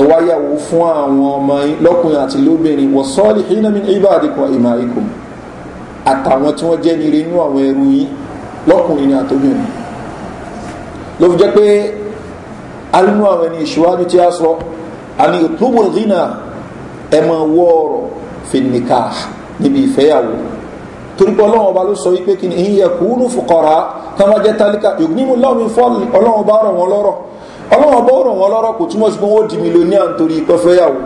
Speaker 1: ẹ̀wáyàwó fún àwọn ọmọ yín lọ́kùnrin àti lóbìnrin wọ́n sọ́ọ́lì hínámi ibàdìkan ìmọ̀ àìkò àtàwọn tí wọ́n jẹ́ nire inú àwọn ẹrú yín lọ́kùnrin àtòbìnrin ló fi jẹ́ pé arínú àwọn ẹni ìṣíwájú tí a sọ àní ìtúbùrù dínà ẹ̀mọ̀ wọ́ fìníkà níbi ìfẹ́yàwó torípọ̀ ọlọ́run ọba ló sọ wípé kí ni ìyẹn kúrú fòkọ̀rá tán bá jẹ́ tálíkà yòókùnímù láwọn ìfọ́ọ̀lù ọlọ́run ọba rọ̀ wọ́n lọ́rọ̀ ọlọ́run ọba rọ̀ wọ́n lọ́rọ̀ kò túmọ̀ sí pé wọ́n di mílíọ̀nìà nítorí ìpẹ́fẹ́yàwó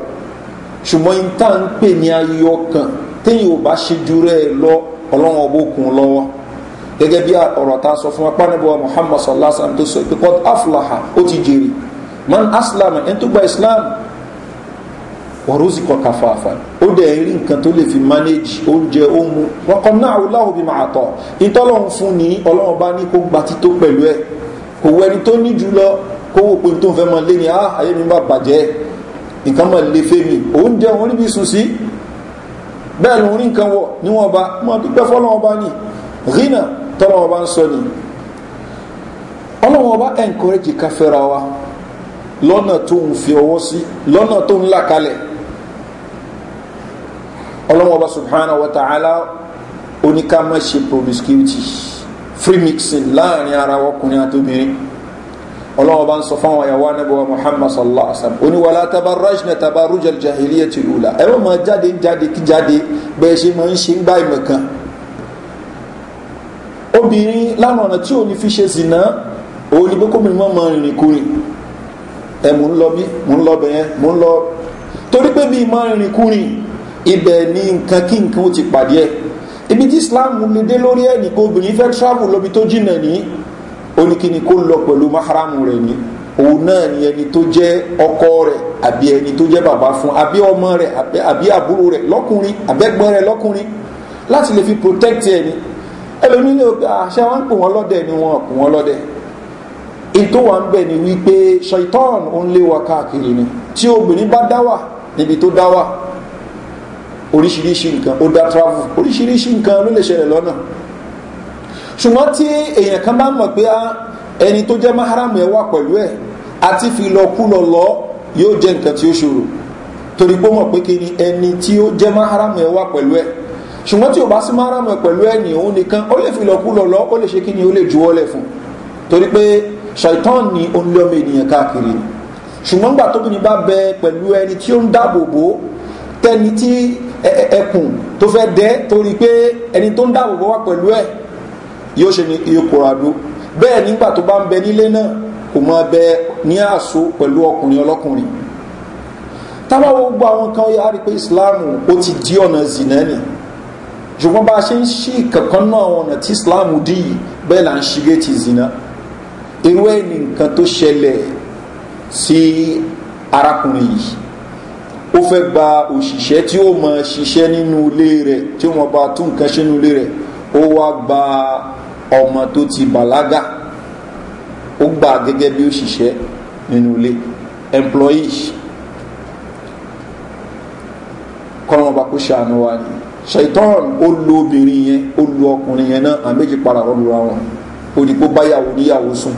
Speaker 1: ṣùgbọ́n in tá ń pè ní ayé ọkàn téyìn ò bá ṣe ju rẹ̀ lọ ọlọ́run ọba òkun lọ́wọ́ gẹ́gẹ́ bí ọ̀rọ̀ ta sọ fún apá níbo muhammad sallallahu alaihi wa sallam tó sọ pé kọ́t ó ti jèrè man aslam ẹni tó gba islam wọ̀rọ̀sìkọ̀ kàfàfà ó dẹ̀ rí nǹkan tó lè fi manage oúnjẹ ó mu wọ́kọ̀ náà aláwọ̀ bí màá tọ̀ ìtọ́lọ́hún fún ni ọlọ́run bá ní kó gba tító pẹ̀lú ẹ̀ kò wọ ẹni tó ní jùlọ kó wò pé tó ń fẹ́ mọ lé ni á ah, ayé mi bá bàjẹ́ nǹkan mọ̀ lè fẹ́ mi oúnjẹ òun níbi sùn sí bẹ́ẹ̀ lòun rí nǹkan wọ̀ níwọ̀n ba mọ̀ dúpẹ́ fọ́lọ́wọ́n bá ní rínà tọ́lọ́wọ́n bá ń sọ ni ọlọ́wọ́n bá encourage ká wa lọ́nà tó ń fi ọwọ́ sí lọ́nà tó ń là kalẹ̀ ọlọ́wọ́n bá subhanahu wa ta'ala oníkàmọ́ ṣe promiscuity free mixing láàrin ara ọkùnrin àtòbìnrin ọlọ́wọ́n bá ń sọ fáwọn àyàwó anábọ̀wá muhammad sallallahu alaihi wa sallam oníwàlá tabaraj na tabaruj aljahiliya ti lula ẹ̀rọ máa jáde jáde kí jáde bẹ́ẹ̀ ṣe máa ń ṣe ń gbá ìmọ̀ kan obìnrin lánàá ọ̀nà tí ò ní fi ṣe zìnà òun ni pé kóbìnrin mọ́ máa rìnrìn kúrin ẹ̀ mò ń lọ bí mò ń lọ torí pé mi máa rìnrìn kúrin ibẹ̀ ni nǹkan kí nǹkan ó ti pàdé ẹ̀ ibi tí islam lè dé lórí ẹ̀ nìkan obìnrin fẹ́ travel lọ́bi tó jìnà ní oníkíni kó lọ pẹ̀lú mahram rẹ̀ ni òun náà ni ẹni tó jẹ́ ọkọ rẹ̀ àbí ẹni tó jẹ́ bàbá fún àbí ọmọ rẹ̀ àbí àbúrò rẹ̀ lọ́kùnrin àbẹ́gbọ́n rẹ̀ lọ́kùnrin láti lè fi protect ẹ̀ ni ẹlòmí ní ọgbà àṣẹ wọn pè wọn lọ́dẹ ni wọn pè wọn lọ́dẹ ètò wa ń bẹ̀ ni wípé shaitan ó ń lé wa káàkiri ni tí obìnrin bá dá wà níbi tó dá wà oríṣiríṣi nǹkan ó dá travel oríṣiríṣi nǹkan ló lè ṣẹlẹ̀ lọ́nà ṣùgbọ́n tí èèyàn kan bá mọ̀ pé ah, ẹni tó jẹ́ maharam ẹ̀ wà pẹ̀lú ẹ̀ àti fi lọ kú lọ lọ yóò jẹ́ nǹkan tí ó ṣòro torí pé mọ̀ pé kí ni ẹni tí ó jẹ́ maharam ẹ̀ wà pẹ̀lú ẹ̀ ṣùgbọ́n tí ò bá sí maharam ẹ̀ pẹ̀lú ẹ̀ ní òun nìkan ó lè fi lọ lọ lọ ó lè ṣe kí ni ó lè juwọ́lẹ̀ fún torí pé ṣàìtàn ni ó ń lé ọmọ ènìyàn káàkiri ṣùgbọ́n gbà tóbi ní bá bẹ pẹ̀lú ẹni tí ó ń dáàbò bò tẹ́ni tí ẹkùn tó fẹ́ dẹ́ torí pé ẹni tó ń dáàbò bọ́ wá pẹ̀lú ẹ̀ yóò ṣe ní ipòràdó bẹ́ẹ̀ nígbà tó bá ń bẹ nílé náà kò mọ bẹ ní àṣọ pẹ̀lú ọkùnrin ọlọ́kùnrin tábàwọ̀ gbogbo àwọn kan yá rí pé ìsìláàmù ó ti di ọ̀nà zìnà ni ṣùgbọ́n bá a ṣe ń ṣí kankan náà àwọn ọ̀nà tí ìsìláàmù dì í bẹ́ẹ̀ là ń ṣeré ti zìnà irú ẹ̀ ní nǹkan tó ṣẹlẹ̀ sí arákùnrin yìí ó fẹ́ gba òṣìṣẹ́ tí ó mọ ṣiṣẹ́ nínú ilé rẹ̀ tí wọ́n bá tún nǹkan ṣe nínú ilé rẹ̀ ó wá gba ọmọ tó ti bàlágà ó gbà gẹ́gẹ́ bí òṣìṣẹ́ nínú ilé employee kọ́nà ọba kó ṣàánú wa ni ṣaitan ó lo obìnrin yẹn ó lo ọkùnrin yẹn náà àméjì para ọlùra wọn ó ní kó báyàwó níyàwó sùn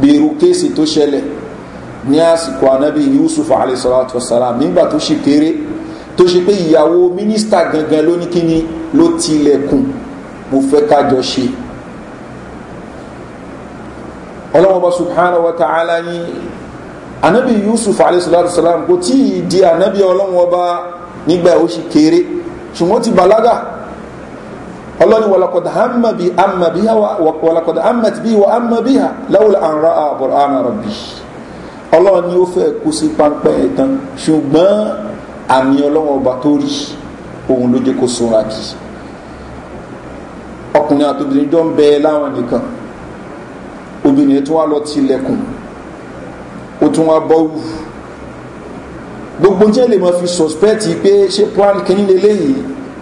Speaker 1: bí irú kéèsì tó ṣẹlẹ̀ ní àsìkò anabi yusuf alayhisalatu wasalam nígbà tó ṣì kéré tó ṣe pé ìyàwó mínísítà gangan ló ní kíni ló tilẹ̀kùn mo fẹ́ kájọ ṣe ọlọ́mọba subhanahu wa ta'ala ni anabi yusuf alayhisalatu wasalam kò tí ì di anabi ọlọ́mọba nígbà ó ṣì kéré ṣùgbọ́n ti balaga ọlọ́ni wàlàkọ̀dà hàmàbí hàmàbí wàlàkọ̀dà hàmàbí hà láwùlà àǹrà àbọ̀rọ̀ àmà rọ̀bì ọlọ́run ni ó fẹ́ kó sí páńpẹ́ ẹ̀tàn ṣùgbọ́n àmì ọlọ́run ọba tó rí òun ló jẹ́ kó sunra kì ọkùnrin àtòbìnrin jọ ń bẹ láwọn nìkan obìnrin tún wá lọ tilẹ̀kùn ó tún wá bọ́ wù gbogbo jẹ́ lè mọ̀ fi suspect pé ṣé plan kìíní lélẹ́yìí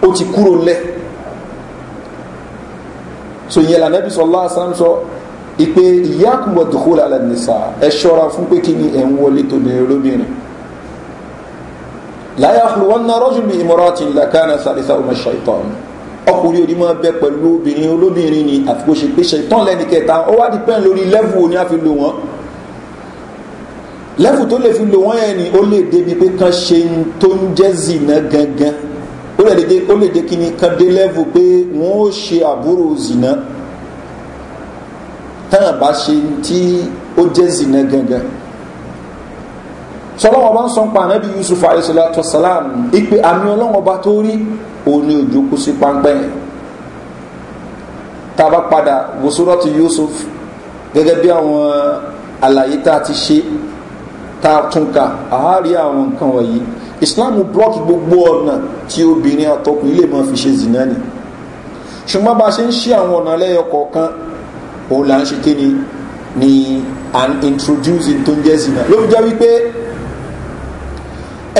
Speaker 1: ó ti kúrò lẹ̀ so ìyẹn lànà bí sọ lọ́wọ́ sá ń sọ ìpè ìyákùnbọ̀ dùkú lálẹ́ nìsà ẹ ṣọ́ra fún pé kí ni ẹ̀ ń wọlé tó bẹ̀rẹ̀ lóbìnrin láyà fúlùwọ́n náà rọ́jù bí ìmọ̀ràn àti ìlàkánà sàlìsà ọmọ ṣàìtàn ọkùnrin òní máa bẹ pẹ̀lú obìnrin olóbìnrin ni àti kó ṣe pé ṣàìtàn lẹ́ni kẹta ó wá dípẹ́ lórí lẹ́fù ni a fi lò wọ́n lẹ́fù tó lè fi lò wọ́n yẹn ni ó lè débi pé kan ṣe tó ń jẹ́ zìnà gangan ó lè dé kí ni kan dé lẹ́fù pé wọ́n ó ṣe àbúrò zìnà tán àbá ṣe tí ó jẹ́ zina gangan sọlọ́wọ́ bá ń sọ pa ànábì yusuf alayhisalatu salam ipe àmì ọlọ́wọ́ bá tó rí òun ni òjò kó sí páńpẹ́ yẹn tá a bá yusuf gẹ́gẹ́ bí àwọn àlàyé tá a ti ṣe tá a tún ka àárí àwọn nǹkan wọ̀nyí islam block gbogbo ọ̀nà tí obìnrin àtọkùn ilé máa fi ṣe zina ni ṣùgbọ́n bá a ṣe ń ṣe àwọn ọ̀nà lẹ́yọ kọ̀ọ̀kan òun là ń ṣe kí ni ni an introducing tó ń jẹ́ zina ló fi jẹ́ wípé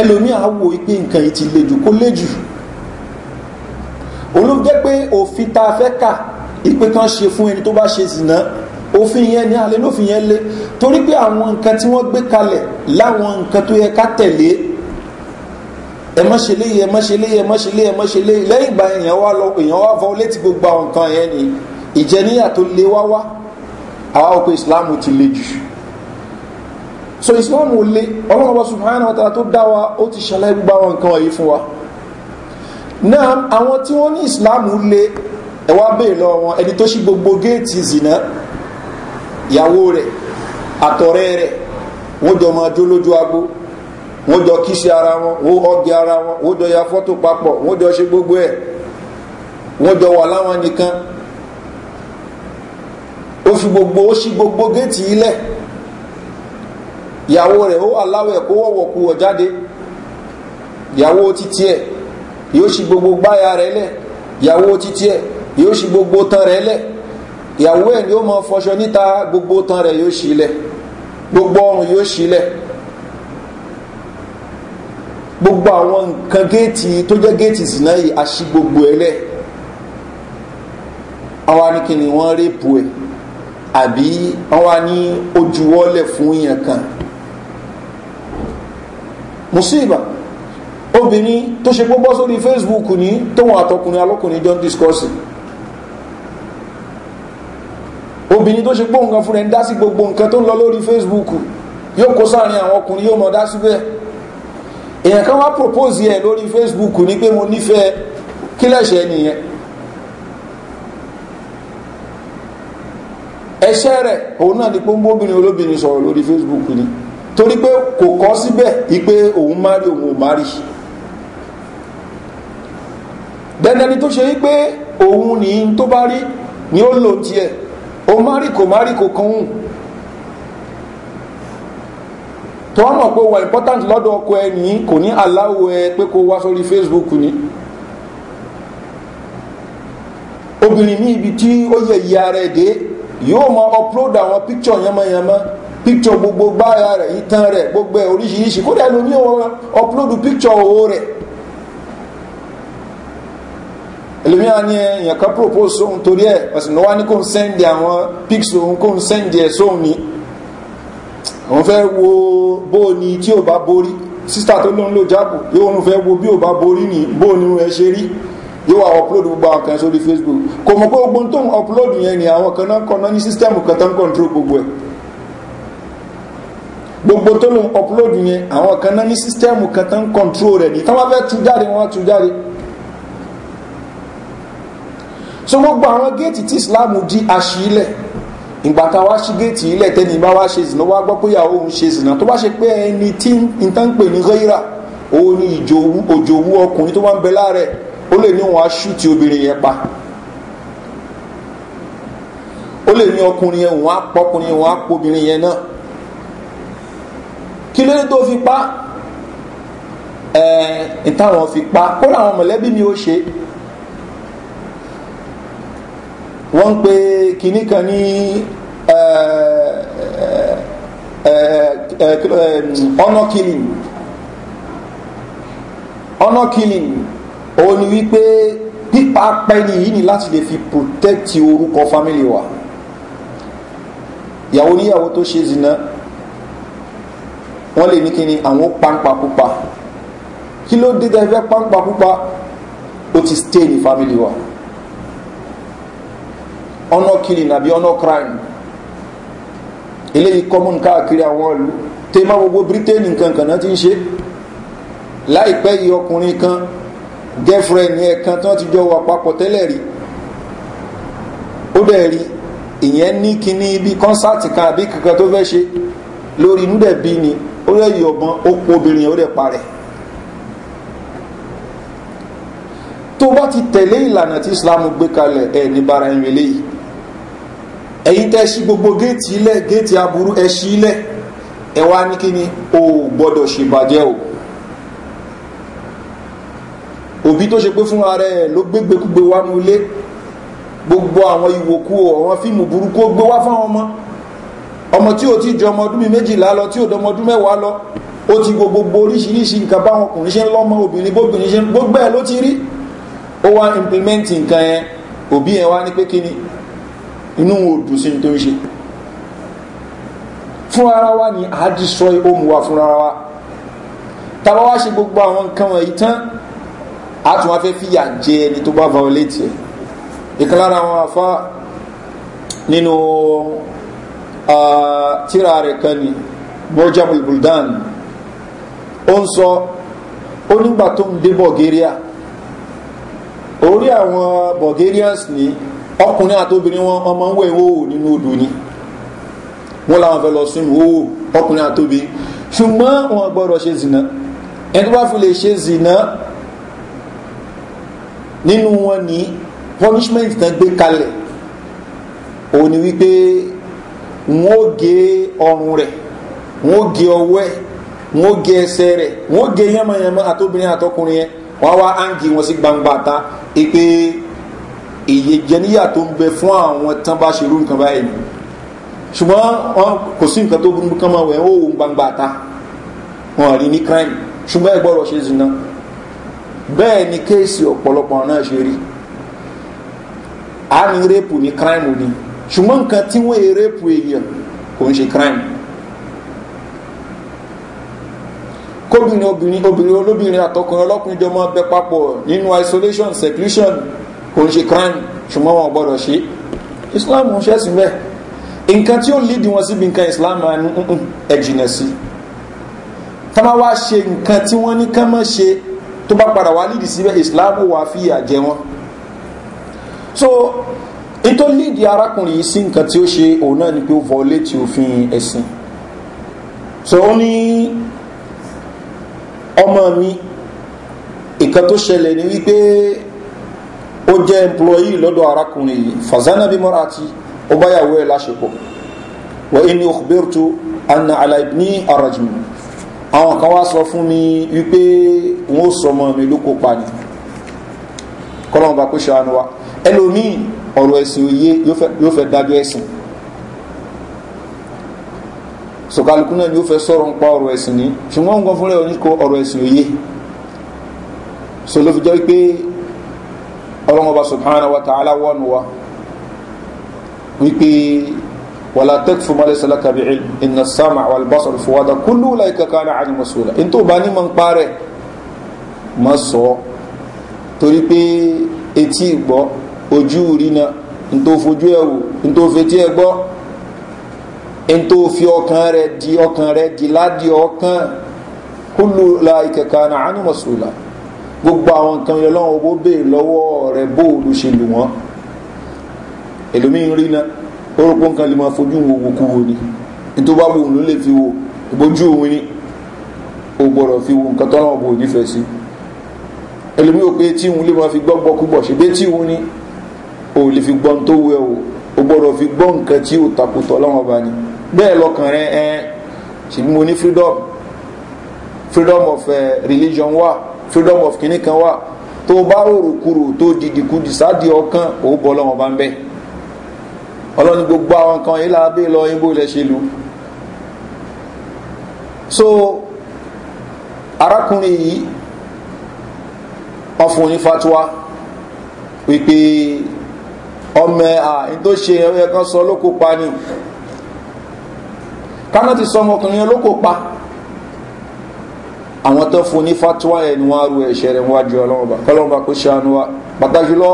Speaker 1: ẹlòmíà wo wípé nǹkan yìí ti le jù kó le jù òun jẹ́ pé òfin tá a fẹ́ kà ìpè kan ṣe fún ẹni tó bá ṣe zina òfin yẹn ní alẹ́ lófin yẹn lé torí pé àwọn nǹkan tí wọ́n gbé kalẹ̀ láwọn nǹkan tó yẹ ká tẹ̀lé ẹ mọ́ ṣe léyìí ẹ mọ́ ṣe léyìí ẹ mọ́ ṣe léyìí ẹ mọ́ ṣe léyìí lẹ́yìn ìgbà èèyàn wá lọ èèyàn wá fọ létí gbogbo àwọn nǹkan yẹn ni ìjẹníyà tó lé wá àwọn òpin islam ti lé jù so islam ò lé ọlọ́run ọba subhanahu wa ta'ala tó dá wa ó ti ṣàlàyé gbogbo àwọn nǹkan wọ̀nyí fún wa náà àwọn tí wọ́n ní islam lé ẹ̀wá bèèrè lọ wọn ẹni tó ṣí gbogbo géètì zìnà ìyàwó rẹ̀ àtọ̀rẹ́ rẹ̀ wọ́n jọ máa jó lójú agbó wọ́n jọ kí sí ara wọn wọ́n ọgẹ ara wọn wọ́n jọ ya fọ́tò papọ̀ wọ́n jọ ṣe gbogbo ẹ̀ wọ́n jọ wà láwọn nìkan fi gbogbo ó ṣí gbogbo géètì ilẹ̀ ìyàwó rẹ̀ ó aláwẹ̀ kó wọ̀wọ̀ kú wọ̀ jáde ìyàwó títí ẹ̀ yóò ṣí gbogbo gbáya rẹ̀ lẹ̀ ìyàwó títí ẹ̀ yóò ṣí gbogbo tan rẹ̀ lẹ̀ ìyàwó ẹ̀ ni ó mọ fọṣọ níta gbogbo tan rẹ̀ yóò ṣí lẹ̀ gbogbo ọrùn yóò ṣí gbogbo àwọn nǹkan géètì tó jẹ́ géètì aṣí gbogbo lẹ̀ àwọn wọn ẹ̀ àbí wọ́n wá ní ojúwọ́lẹ̀ fún yẹn kan musiba obìnrin tó ṣe gbọ́gbọ́ sórí facebook ní tóun àtọkùnrin alọ́kùnrin john discourse obìnrin tó ṣe gbọ́ nǹkan fún rẹ̀ ń dá sí gbogbo nǹkan tó ń lọ lórí facebook yóò kó sáàrin àwọn ọkùnrin yóò mọ̀ dá síbẹ̀ èèyàn kan wá propose ẹ̀ lórí facebook ní pé mo nífẹ̀ẹ́ kílẹ̀ṣẹ̀ nìyẹn ẹ̀ṣẹ́ rẹ̀ òun náà ni pé ń olóbìnrin sọ̀rọ̀ lórí facebook ni torí pé kò kọ́ síbẹ̀ ìpé òun má rí òun ò má rí dẹ́dẹ́ni tó ṣe wípé òun ní tó bá rí ni ó lò tiẹ̀ ó má rí kò má rí kò kan hùn tó wọ́n mọ̀ pé wà important lọ́dọ̀ ọkọ ẹ ní kò ní aláwọ̀ ẹ pé kó wá sórí facebook ni obìnrin ní ibi tí ó yẹ ìyá rẹ̀ dé yóò mọ upload àwọn picture yamayama picture gbogbo gbára rẹ̀ ìtàn rẹ̀ gbogbo ẹ̀ oríṣiríṣi kódà ló ní wọn upload picture owó rẹ̀ ẹlòmíràn ni èèyàn kan propose sóhun torí ẹ̀ ọ̀sìn ló wá ní kó ń sẹ́ndì àwọn pics òun kó ń sẹ́ndì ẹ̀ sóhun ni òun fẹ́ wo bó ni tí ò bá borí sísà tó lóun lò jáàbù yóò òun fẹ́ wo bí ò bá borí ni bó ni òun ẹ̀ ṣe rí yóò wá upload gbogbo àwọn kan sórí facebook kò mọ̀ pé gbogbo tó ń upload yẹn ni àwọn kan náà kọ́ná ní system kan tó ń control gbogbo ẹ̀ gbogbo tó ló ń upload yẹn àwọn kan náà ní system kan tó ń control rẹ̀ ní táwọn fẹ́ tu jáde wọn tu jáde so gbogbo àwọn géètì tí islam di àṣìlẹ̀ ìgbà tá a wá sí géètì ilẹ̀ tẹ́ni bá wá ṣe ìsìnà wá gbọ́ pé ìyàwó òun ṣe ìsìnà tó bá ṣe pé ẹni tí ń tán pè ní rẹ́yìrà òun ni ìjòwú ọkùnrin tó wá ń bẹ láàrẹ̀ ó lè ní wọn aṣú ti obìnrin yẹn pa ó lè ní ọkùnrin yẹn wọn apọkùnrin yẹn wọn apobìnrin yẹn náà kí ló tó fi pa ẹ ìtàwọn fi pa kóra àwọn mọ̀lẹ́bí mi ó ṣe wọ́n ń pe kinní kan ní honor killing honor killing òun ni wípé pípa pẹ́ni yìí ni láti lè fi protect orúkọ family wa ìyàwó níyàwó tó ṣe zina wọ́n lè ní kíni àwọn pàǹpà pupa kí ló dé dẹ́fẹ́ pàǹpà pupa ó ti stay ní family wa honor killing àbí honor crime eléyìí common káàkiri àwọn ìlú tèmá gbogbo britain nǹkan kan náà ti ń ṣe láìpẹ́ yìí ọkùnrin kan girlfriend yẹn kan tí wọ́n ti jọ wà papọ̀ tẹ́lẹ̀ rí ó dẹ̀ rí ìyẹn ní kíní ibi kọ́nsáàtì kan àbí kankan tó fẹ́ ṣe lórí inú dẹ̀ bí ni ó dẹ̀ yọ̀bọ̀n ó po obìnrin yẹn ó dẹ̀ parẹ́ tó bá ti tẹ̀lé ìlànà tí islam gbé kalẹ̀ ẹ̀ ní bara ẹ̀rìn eléyìí ẹ̀yin tẹ́ ṣí gbogbo géètì ilẹ̀ géètì aburú ẹ̀ ṣí ilẹ̀ ẹ̀ wá ní kíní o gbọ́dọ̀ ṣèbàjẹ́ o òbí tó ṣe pé fún ara ẹ̀ ló gbégbékúgbé wá nu ilé gbogbo àwọn ìwòkú àwọn fíìmù burúkú ó gbé wá fáwọn ọmọ ọmọ tí ò ti ju ọmọ ọdún mi méjìlá lọ tí ò dọmọ ọdún mẹ́wàá lọ ó ti gbogbo oríṣiríṣi nǹkan báwọn ọkùnrin ṣe ń lọ́mọ obìnrin bóbìnrin ṣe ń gbogbo ẹ̀ ló ti rí ó wá implement nǹkan yẹn òbí yẹn wá ní pé kíni inú wọn ò dùn sí tó ń ṣe fún ara wa ni àá destroy home wa fún wa tàbá wá ṣe gbogbo àwọn nǹkan wọ̀nyí tán a tún wá fẹ́ fìyà jẹ ẹni tó bá violate ẹ̀ ìkan lára àwọn afá nínú tíra rẹ̀ kan ni mojam ibuldan ó ń sọ ó nígbà tó ń dé bulgaria orí àwọn bulgarians ní ọkùnrin àtòbìnrin wọn ọmọ ń wẹ̀ ìwòwò nínú odò ni wọ́n láwọn fẹ́ lọ sún ìwòwò ọkùnrin àtòbìnrin ṣùgbọ́n wọn gbọ́dọ̀ ṣe zìnà ẹni tó bá fi lè ṣe zìnà nínú wọn ní punishment tán gbé kalẹ̀ òun ni wípé wọn ó gé ọrùn rẹ̀ wọn ó gé ọwọ́ ẹ̀ wọn ó gé ẹsẹ̀ rẹ̀ wọn ó gé yánmayánmá àtobìnrin àtọkùnrin yẹn wọn á wá áǹgì wọn sí gbangba ta pé èyí jẹníyà tó ń bẹ fún àwọn tán bá ṣerú nǹkan báyìí ni ṣùgbọ́n kò sí nǹkan tó burú kán máa wẹ̀ ń wò ń gbangba ta wọn rí ní crime ṣùgbọ́n ẹ gbọ́dọ̀ ṣe zina bẹ́ẹ̀ ni kéèsì ọ̀pọ̀lọpọ̀ náà ṣe rí a ní rẹ́pù ní kíráìmù ni ṣùgbọ́n nǹkan tí wọ́n rẹ́pù èèyàn kò ń ṣe kíráìmù kóbìnrin obìnrin obìnrin olóbìnrin àtọkùnrin ọlọ́kùnrin jọ mọ́ bẹ papọ̀ nínú isolation seclusion kò ń ṣe kíráìmù ṣùgbọ́n wọn gbọ́dọ̀ ṣe islam ń ṣẹ́sìn bẹ́ẹ̀ nǹkan tí ó lídì wọn síbi nǹkan islam ẹ̀jìnà sí tá bá wá ṣe nǹkan tí wọ́n ní ká má ṣe tó bá padà wá lídìí síbẹ̀ islam wà fìyà jẹ wọn so nítorí lídìí arákùnrin yìí sí nǹkan tí ó ṣe òun náà ni pé ó violate òfin ẹ̀sìn so ó ní ọmọ mi ìkan tó ṣẹlẹ̀ ni wípé ó jẹ́ employee lọ́dọ̀ arákùnrin yìí fazana bí mọ́ra ti ó báyàwó ẹ̀ láṣepọ̀ wọ́n ní ọkùnrin tó anna alaibni arajmi àwọn kan wá sọ fún mi wípé wọn ó sọmọ mi ló kópa ni kọlọ́n bá kó ṣàánú wa ẹlòmíì ọ̀rọ̀ ẹ̀sìn òye yóò fẹ́ dájọ́ ẹ̀sìn sọ̀kálukú náà yóò fẹ́ sọ̀rọ̀ ń pa ọ̀rọ̀ ẹ̀sìn ní ṣùgbọ́n nǹkan fúnra ẹ̀ oníkó ọ̀rọ̀ ẹ̀sìn òye so ló fi jẹ́ pé ọlọ́mọba subhanahu wa ta'ala wọ́nu wa wípé wàlá tẹ́kfù mọ́lẹ̀ sọlọ́kà bí il iná sáàmà wà lùbọ́sọ̀ fòwádà kúlù láìka kára àni mọ̀sùlá in tó bá ní mọ̀ ń parẹ́ mọ̀ sọ torí pé etí ìgbọ́ ojú ìrìnà in tó fojú ẹ̀wò in tó fetí ẹgbọ́ in tó fi ọkàn rẹ̀ di ọkàn rẹ̀ di ládì ọkàn kúlù láìka kára àni mọ̀sùlá gbogbo àwọn nǹkan ìrọlọ́wọ́ bó bèèrè lọ́wọ́ rẹ̀ bóòlù ṣe lù wọ́n èlòmí ń rí náà orúkọ nǹkan lè máa fojú wo wòkú wo ni nítorí bá wòun ló lè fi wo ìbojú òun ni o gbọ́dọ̀ fi wo nǹkan tọ́lá ọ̀bọ̀ nífẹ̀ẹ́ sí ẹlòmí ò pé tí òun lè máa fi gbọ́ gbọ́ kúbọ̀ ṣe pé tí òun ni o lè fi gbọ́n tó wẹ o o gbọ́dọ̀ fi gbọ́ nǹkan tí ò takùtọ̀ láwọn ọba ni bẹ́ẹ̀ lọkàn rẹ ẹ ṣèbí mo ní freedom freedom of uh, religion wa, freedom of kìnnìkan wa, tó bá rò rò kúrò tó dìdìkú dìsáàdì ọkàn òun bọ́ lọ́wọ́ bá ń bẹ́ẹ̀ ọlọ́ni gbogbo àwọn kan ilá abé lọ ibò ilẹ̀ ṣe lù so arákùnrin yìí wọ́n fún ní fatuwa wípé ọmọ àìn tó ṣe ẹ̀rọ kan sọ ló kópa ni káná ti sọ ọmọkùnrin ló kópa àwọn tó fún ní fatuwa ẹ̀ ni wọ́n á ru ẹ̀ṣẹ̀ rẹ̀ wájú ọlọ́mọba kọ́lọ́mọba kó ṣe àánú wa pàtàkì lọ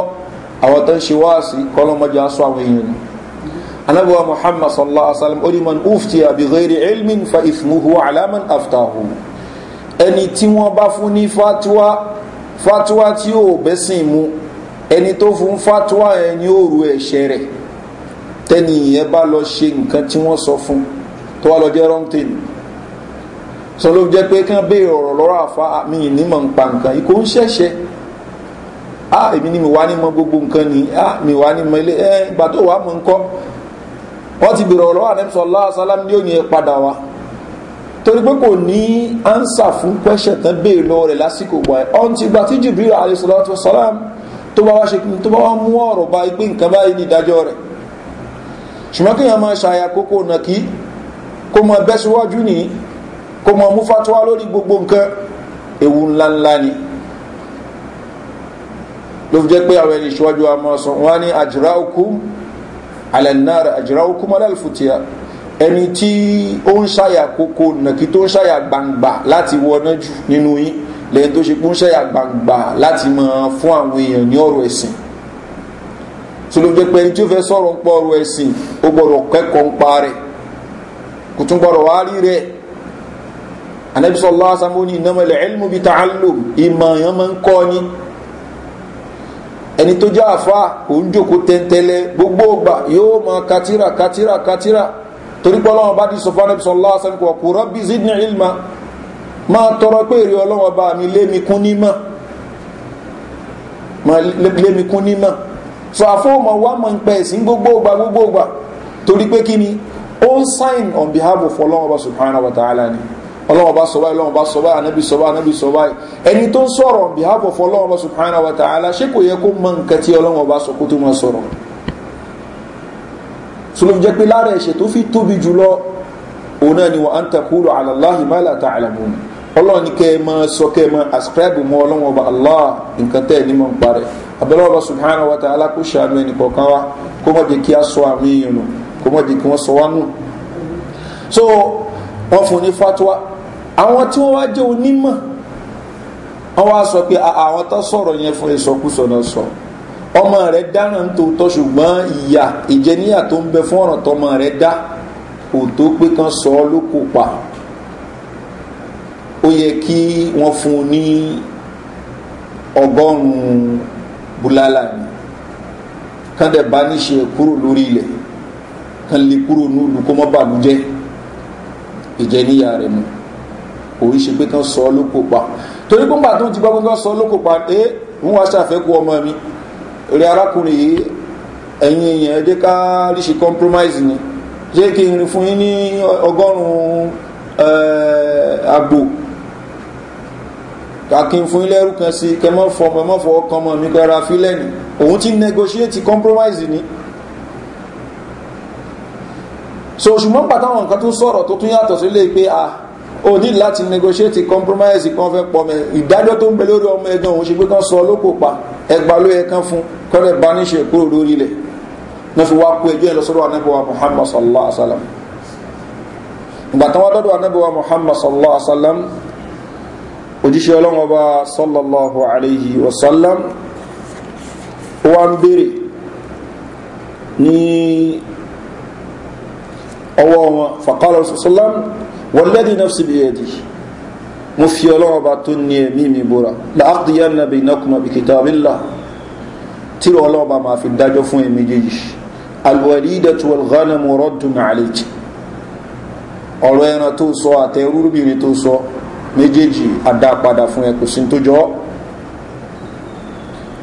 Speaker 1: àwọn tó ń ṣe wáàsí kọ́lọ́mọjà sọ àwọn èèyàn ni anabuwa muhammad sallallahu alaihi wasallam ori man ufti abi ghairi ilmin fa ismuhu ala man aftahu ẹni tí wọ́n bá fún ní fatuwa fatuwa tí ó bẹ́sìn mu ẹni tó fún fatuwa yẹn ní òru ẹ̀ṣẹ̀ rẹ̀ tẹ́ni yẹn bá lọ ṣe nǹkan tí wọ́n sọ fún tó wà lọ jẹ́ rọ́ntìn sọ ló jẹ́ pé kán béèrè ọ̀rọ̀ lọ́rọ̀ àfa mi ní mọ̀ ń nǹkan ikú ń ṣẹ̀ṣẹ̀ ah èmi ni mi wá ní mọ gbogbo nǹkan ni ah mi wá ní mọ ilé ẹ ìgbà tó mọ nǹkan wọ́n ti bèrè ọ̀rọ̀ ànẹ́bísọ̀ aláàsálàm ní òyìn padà wa torí pé kò ní ánsà fún pẹ́ṣẹ̀ tán béèrè lọ rẹ̀ lásìkò gbà ẹ̀ ọ̀n ti gba tí jibril alayhisalatu wasalam tó bá wá ṣe kí tó bá wá mú ọ̀rọ̀ bá ipé nǹkan báyìí ní ìdájọ́ rẹ̀ ṣùgbọ́n kí èèyàn máa ṣàyà kókó nàkí kó mọ ẹbẹ́ síwájú nìyí kó mọ mú fatuwa lórí gbogbo nǹkan ewu ńláńlá ni ló fi jẹ́ pé àwọn ẹni ìṣíwájú wa máa sọ wọn ní àjìrá okùn alẹ́nàrà àjìráwó kúmọ́lá fòtíà ẹni tí ó ń ṣàyà kókó nàkí tó ń ṣàyà gbangba láti wọná jù nínú yín lẹ́yìn tó ṣe pé ń ṣàyà gbangba láti mọ fún àwọn èèyàn ní ọ̀rọ̀ ẹ̀sìn tó ló jẹ́ pé ẹni tí ó fẹ́ sọ̀rọ̀ ń pọ̀ ọ̀rọ̀ ẹ̀sìn ó gbọ́dọ̀ kẹ́kọ̀ọ́ ń pa rẹ̀ kò tún gbọ́dọ̀ wá rí rẹ̀ anábìsọ̀ lọ́wọ́ sámúni ìnámọ̀lẹ̀ ẹ̀lmù bíi tààlù ìmọ̀ èèyàn máa ń kọ́ ni ẹni tó jẹ́ àfa òun jòkó tẹ́ntẹ́lẹ́ gbogbo ògbà yóò mọ katira katira katira torí pé ọlọ́wọ́n bá di sọ fún ẹnìsọ lọ́wọ́ sẹ́ni kò kò rọ́bì zidni ilma máa tọrọ pé èrè ọlọ́wọ́n bá mi lémi kún ní mọ́ lémi so àfọwọ́mọ wa mọ̀ ń pẹ́ ẹ̀sìn gbogbo ògbà gbogbo ògbà torí pé kí ni ó ń sign on behalf of ọlọ́wọ́n bá subhanahu wa ta'ala ni ọlọ́wọ́ bá sọ báyìí ọlọ́wọ́ bá sọ báyìí anabi sọ báyìí anabi sọ báyìí ẹni tó ń sọ̀rọ̀ bí a bọ̀ fọ ọlọ́wọ́ bá subhanahu wa ta'ala ṣé kò yẹ kó mọ nǹkan tí ọlọ́wọ́ bá sọ kó tó máa sọ̀rọ̀ sọlọ́fi jẹ́ pé lára ẹ̀ṣẹ̀ tó fi tóbi jùlọ òun náà ni wọ́n á ń takúrò aláàláhi má là ta àlàmùn ọlọ́wọ́ ni kẹ́ ẹ máa sọ kẹ́ ẹ máa ascribe mọ́ ọlọ́wọ́ bá allah nǹkan tẹ́ ẹ ní mọ̀ ń parẹ́ abẹ́lẹ́wọ́ bá subhanahu wa ta'ala kó ṣàánú ẹnì kọ̀ọ̀kan wa kó mọ̀ jẹ́ kí a sọ àmì ìrùn kó mọ̀ jẹ́ kí wọ́n sọ wá nù so wọ́n fún ní fatwa àwọn tí wọ́n wá jẹ́ onímọ̀ wọ́n wá sọ pé àwọn tó sọ̀rọ̀ yẹn fún ìsọkúsọ náà sọ ọmọ rẹ̀ dáràn ń tòótọ́ ṣùgbọ́n ìyà ìjẹníyà tó ń bẹ fún ọ̀ràn tọmọ rẹ̀ dá kò tó pé kan sọ ọ́ ló kó pa ó yẹ kí wọ́n fún un ní ọgọ́rùn-ún búlálà ni kán dẹ̀ bá níṣe kúrò lórí ilẹ̀ kán lè kúrò ní olùkọ́mọ́bàlújẹ́ ìjẹníyà rẹ̀ mu kò í ṣe pé kán sọ ọ́ lóko pa torí pé nígbà tó ń ti gbọ́ sọ lóko pa ẹ́ ń wá ṣàfẹ́kù ọmọ mi rí arákùnrin yìí ẹ̀yin èèyàn ẹ̀ dé ká rí ṣe compromise ni ṣé eh, kí n fún yín ní ọgọ́rùn-ún àgbò kàkí fún ilé ẹrú kan sí kẹmọ́ fọmọ ẹmọ́ fọwọ́ kan mọ́ mi kọ́ra fílẹ̀ ni òun ti negotiate compromise ni so ṣùgbọ́n pàtàwọn nǹkan tó sọ̀rọ̀ tó tún yàtọ̀ sílé pé ah o ní láti negotiate compromise kan fẹ́ pọ̀ mẹ́ ìdájọ́ tó ń bẹ lórí ọmọ ẹgbẹ́ òun ṣe pé kán sọ lóko pa ẹgbà ló yẹ kán fún kọ́lẹ̀ bá níṣe kúrò lórí ilẹ̀ ní fi wá kú ẹjọ́ ìlọsọ́rọ̀ anábọ̀wá muhammad sallallahu alaihi wa sallam ìgbà tán wá dọ́dọ̀ anábọ̀wá muhammad sallallahu alaihi wa sallam òjíṣẹ́ ọlọ́run ọba sallallahu alaihi wa sallam wa ń béèrè ní ọwọ́ wọn fàkàlọ́ sallallahu alaihi wa sallam والذي nọ́ọ̀sì bí ẹ̀dì mo fi ọlọ́wọ́ bá tó ní ẹ̀mí mi bóra láàkìyà nàbì nàkùnmọ̀ bí kìtà bílà tí ọlọ́wọ́ bá máa fi dájọ́ fún ẹ̀mí jẹ́jì alùwẹ̀lì ìdẹ̀tù ọ̀lgánà mo rọ́dùn àlejò ọ̀rọ̀ ẹran tó sọ àtẹrúrúbìnrin tó sọ méjèèjì àdápadà fún ẹ kò sí tó jọ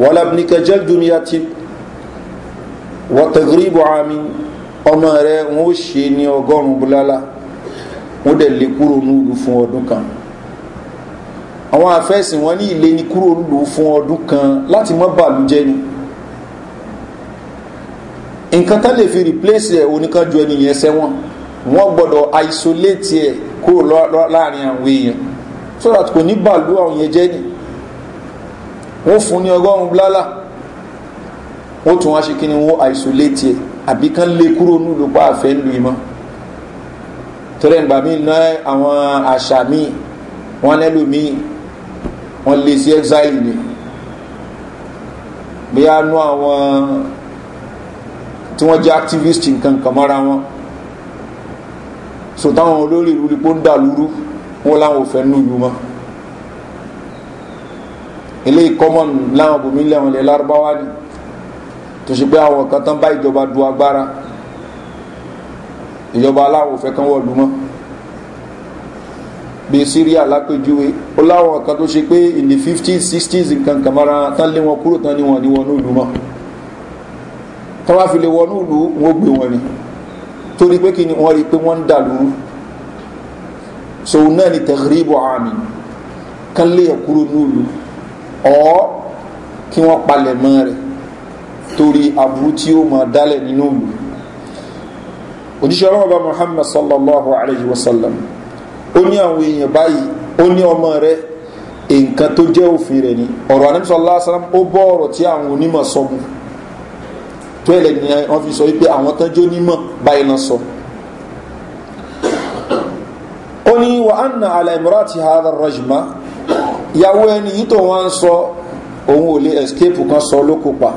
Speaker 1: wàlábìníkà jẹ́dùnmíyàtì wọ́tẹ̀gíríbù àmì ọmọ rẹ̀ wọ́n ó ṣe ní ọgọ́rùn-ún búlálà wọ́n dẹ̀ lé kúrò nílùú fún ọdún kan àwọn afẹ́sìn wọn ní ìlé ní kúrò nílùú fún ọdún kan láti mọ́ bàlújẹ́ ni nǹkan tán lè fi replace ẹ̀ oníkan ju ẹni yẹn sẹ́wọ̀n wọ́n gbọ́dọ̀ isolate ẹ̀ kúrò láàrin àwọn èèyàn so that kò ní bàlú àwọn yẹn jẹ́ ni wọ́n fún ní ọgọ́rùn-ún blálà wọ́n tún wá ṣe kí ni wọ́n isolate ẹ̀ àbí kán lé kúrò nílùú pa àfẹ́ nílùú ìmọ̀ torí ẹ̀ǹgbà míì ná àwọn àṣà míì wọ́n lẹ́lò míì wọ́n lè sí exile ni bí a nú àwọn tí wọ́n jẹ́ activist nǹkan kan mọ́ra wọn so táwọn olórí ìlú ni pé ó ń dà lúrú wọn láwọn ò fẹ́ nú ìlú mọ́ ilé ìkọ́mọ̀n láwọn bòmílẹ̀ wọn lè lárúbáwá ni tó ṣe pé àwọn kan tán bá ìjọba du agbára ìjọba aláwọ̀ fẹ́ kán wọ̀lú mọ́ bí syria lápẹjúwe ó láwọn kan tó ṣe pé in the fifties s nǹkan kàmára tán lé wọn kúrò tán ní wọn ní wọn nílùú mọ́ tán wá fi lè wọnú ìlú wọn gbé wọn ni torí pé kí ni rí pé wọ́n ń dà lóru so náà ni tẹ̀gíríbù àmì kán lè kúrò nílùú ọ̀ kí wọ́n palẹ̀ mọ́ rẹ̀ torí aburú tí ó mọ̀ dálẹ̀ nínú ìlú òjíṣẹ́ ọlọ́run bá muhammad sallallahu alayhi wa sallam ó ní àwọn èèyàn báyìí ó ní ọmọ rẹ nǹkan tó jẹ́ òfin rẹ̀ ni ọ̀rọ̀ àníbi sallallahu alayhi wa sallam ó bọ́ ọ̀rọ̀ tí àwọn onímọ̀ sọ mu tó ẹ̀lẹ́ ni wọ́n fi sọ wípé àwọn tán jó onímọ̀ báyìí náà sọ ó ní wa anna alaimura ti hada rajma ìyàwó ẹni yìí tó wọ́n sọ òun ò lè escape kan sọ lókùpa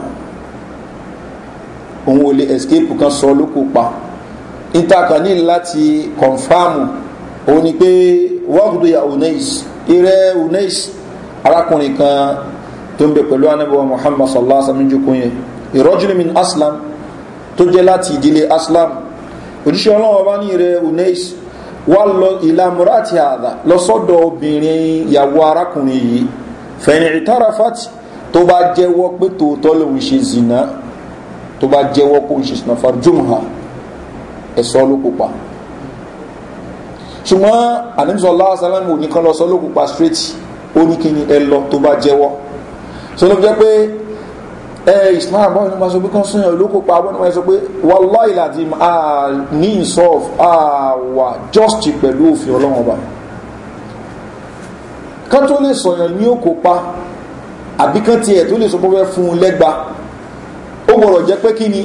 Speaker 1: òun ò lè escape kan sọ lókùpa. So ìtakàn ní láti kọ̀nfàmù òun ni pé wọ́gùdù ya unais irẹ́ unais arákùnrin kan tó ń bẹ pẹ̀lú anábọ̀ muhammad sallallahu alaihi wasallam jùkún yẹn ìrọ́júlùmín aslam tó jẹ́ láti ìdílé aslam òjíṣẹ́ ọlọ́wọ́ bá ní irẹ́ unais wà lọ ìlàmúra àti àdá lọ́sọ́dọ̀ obìnrin ìyàwó arákùnrin yìí fẹ̀yìn ìtara fati tó bá jẹ́wọ́ pé tòótọ́ lòun ṣe zìnà tó bá jẹ́wọ́ pé òun ṣe zìnà farjumha ẹ̀sọ́ ló pupa ṣùgbọ́n àníṣọ́ aláàsálámù ò ní lọ sọ ló straight ó ní ni ẹ lọ tó bá jẹ́wọ́ so ló fi jẹ́ pé ẹ islam abọ́ ni wọ́n sọ pé kán sún yàn ló pupa abọ́ ni wọ́n sọ pé wàlá ìlàdí ní ìsọ́f àwà just pẹ̀lú òfin ọlọ́wọ́n ọba kán tó lè sọ̀yàn ní òkópa àbí kán tó lè sọ pé fún un lẹ́gba ó gbọ́dọ̀ jẹ́ pé kí ni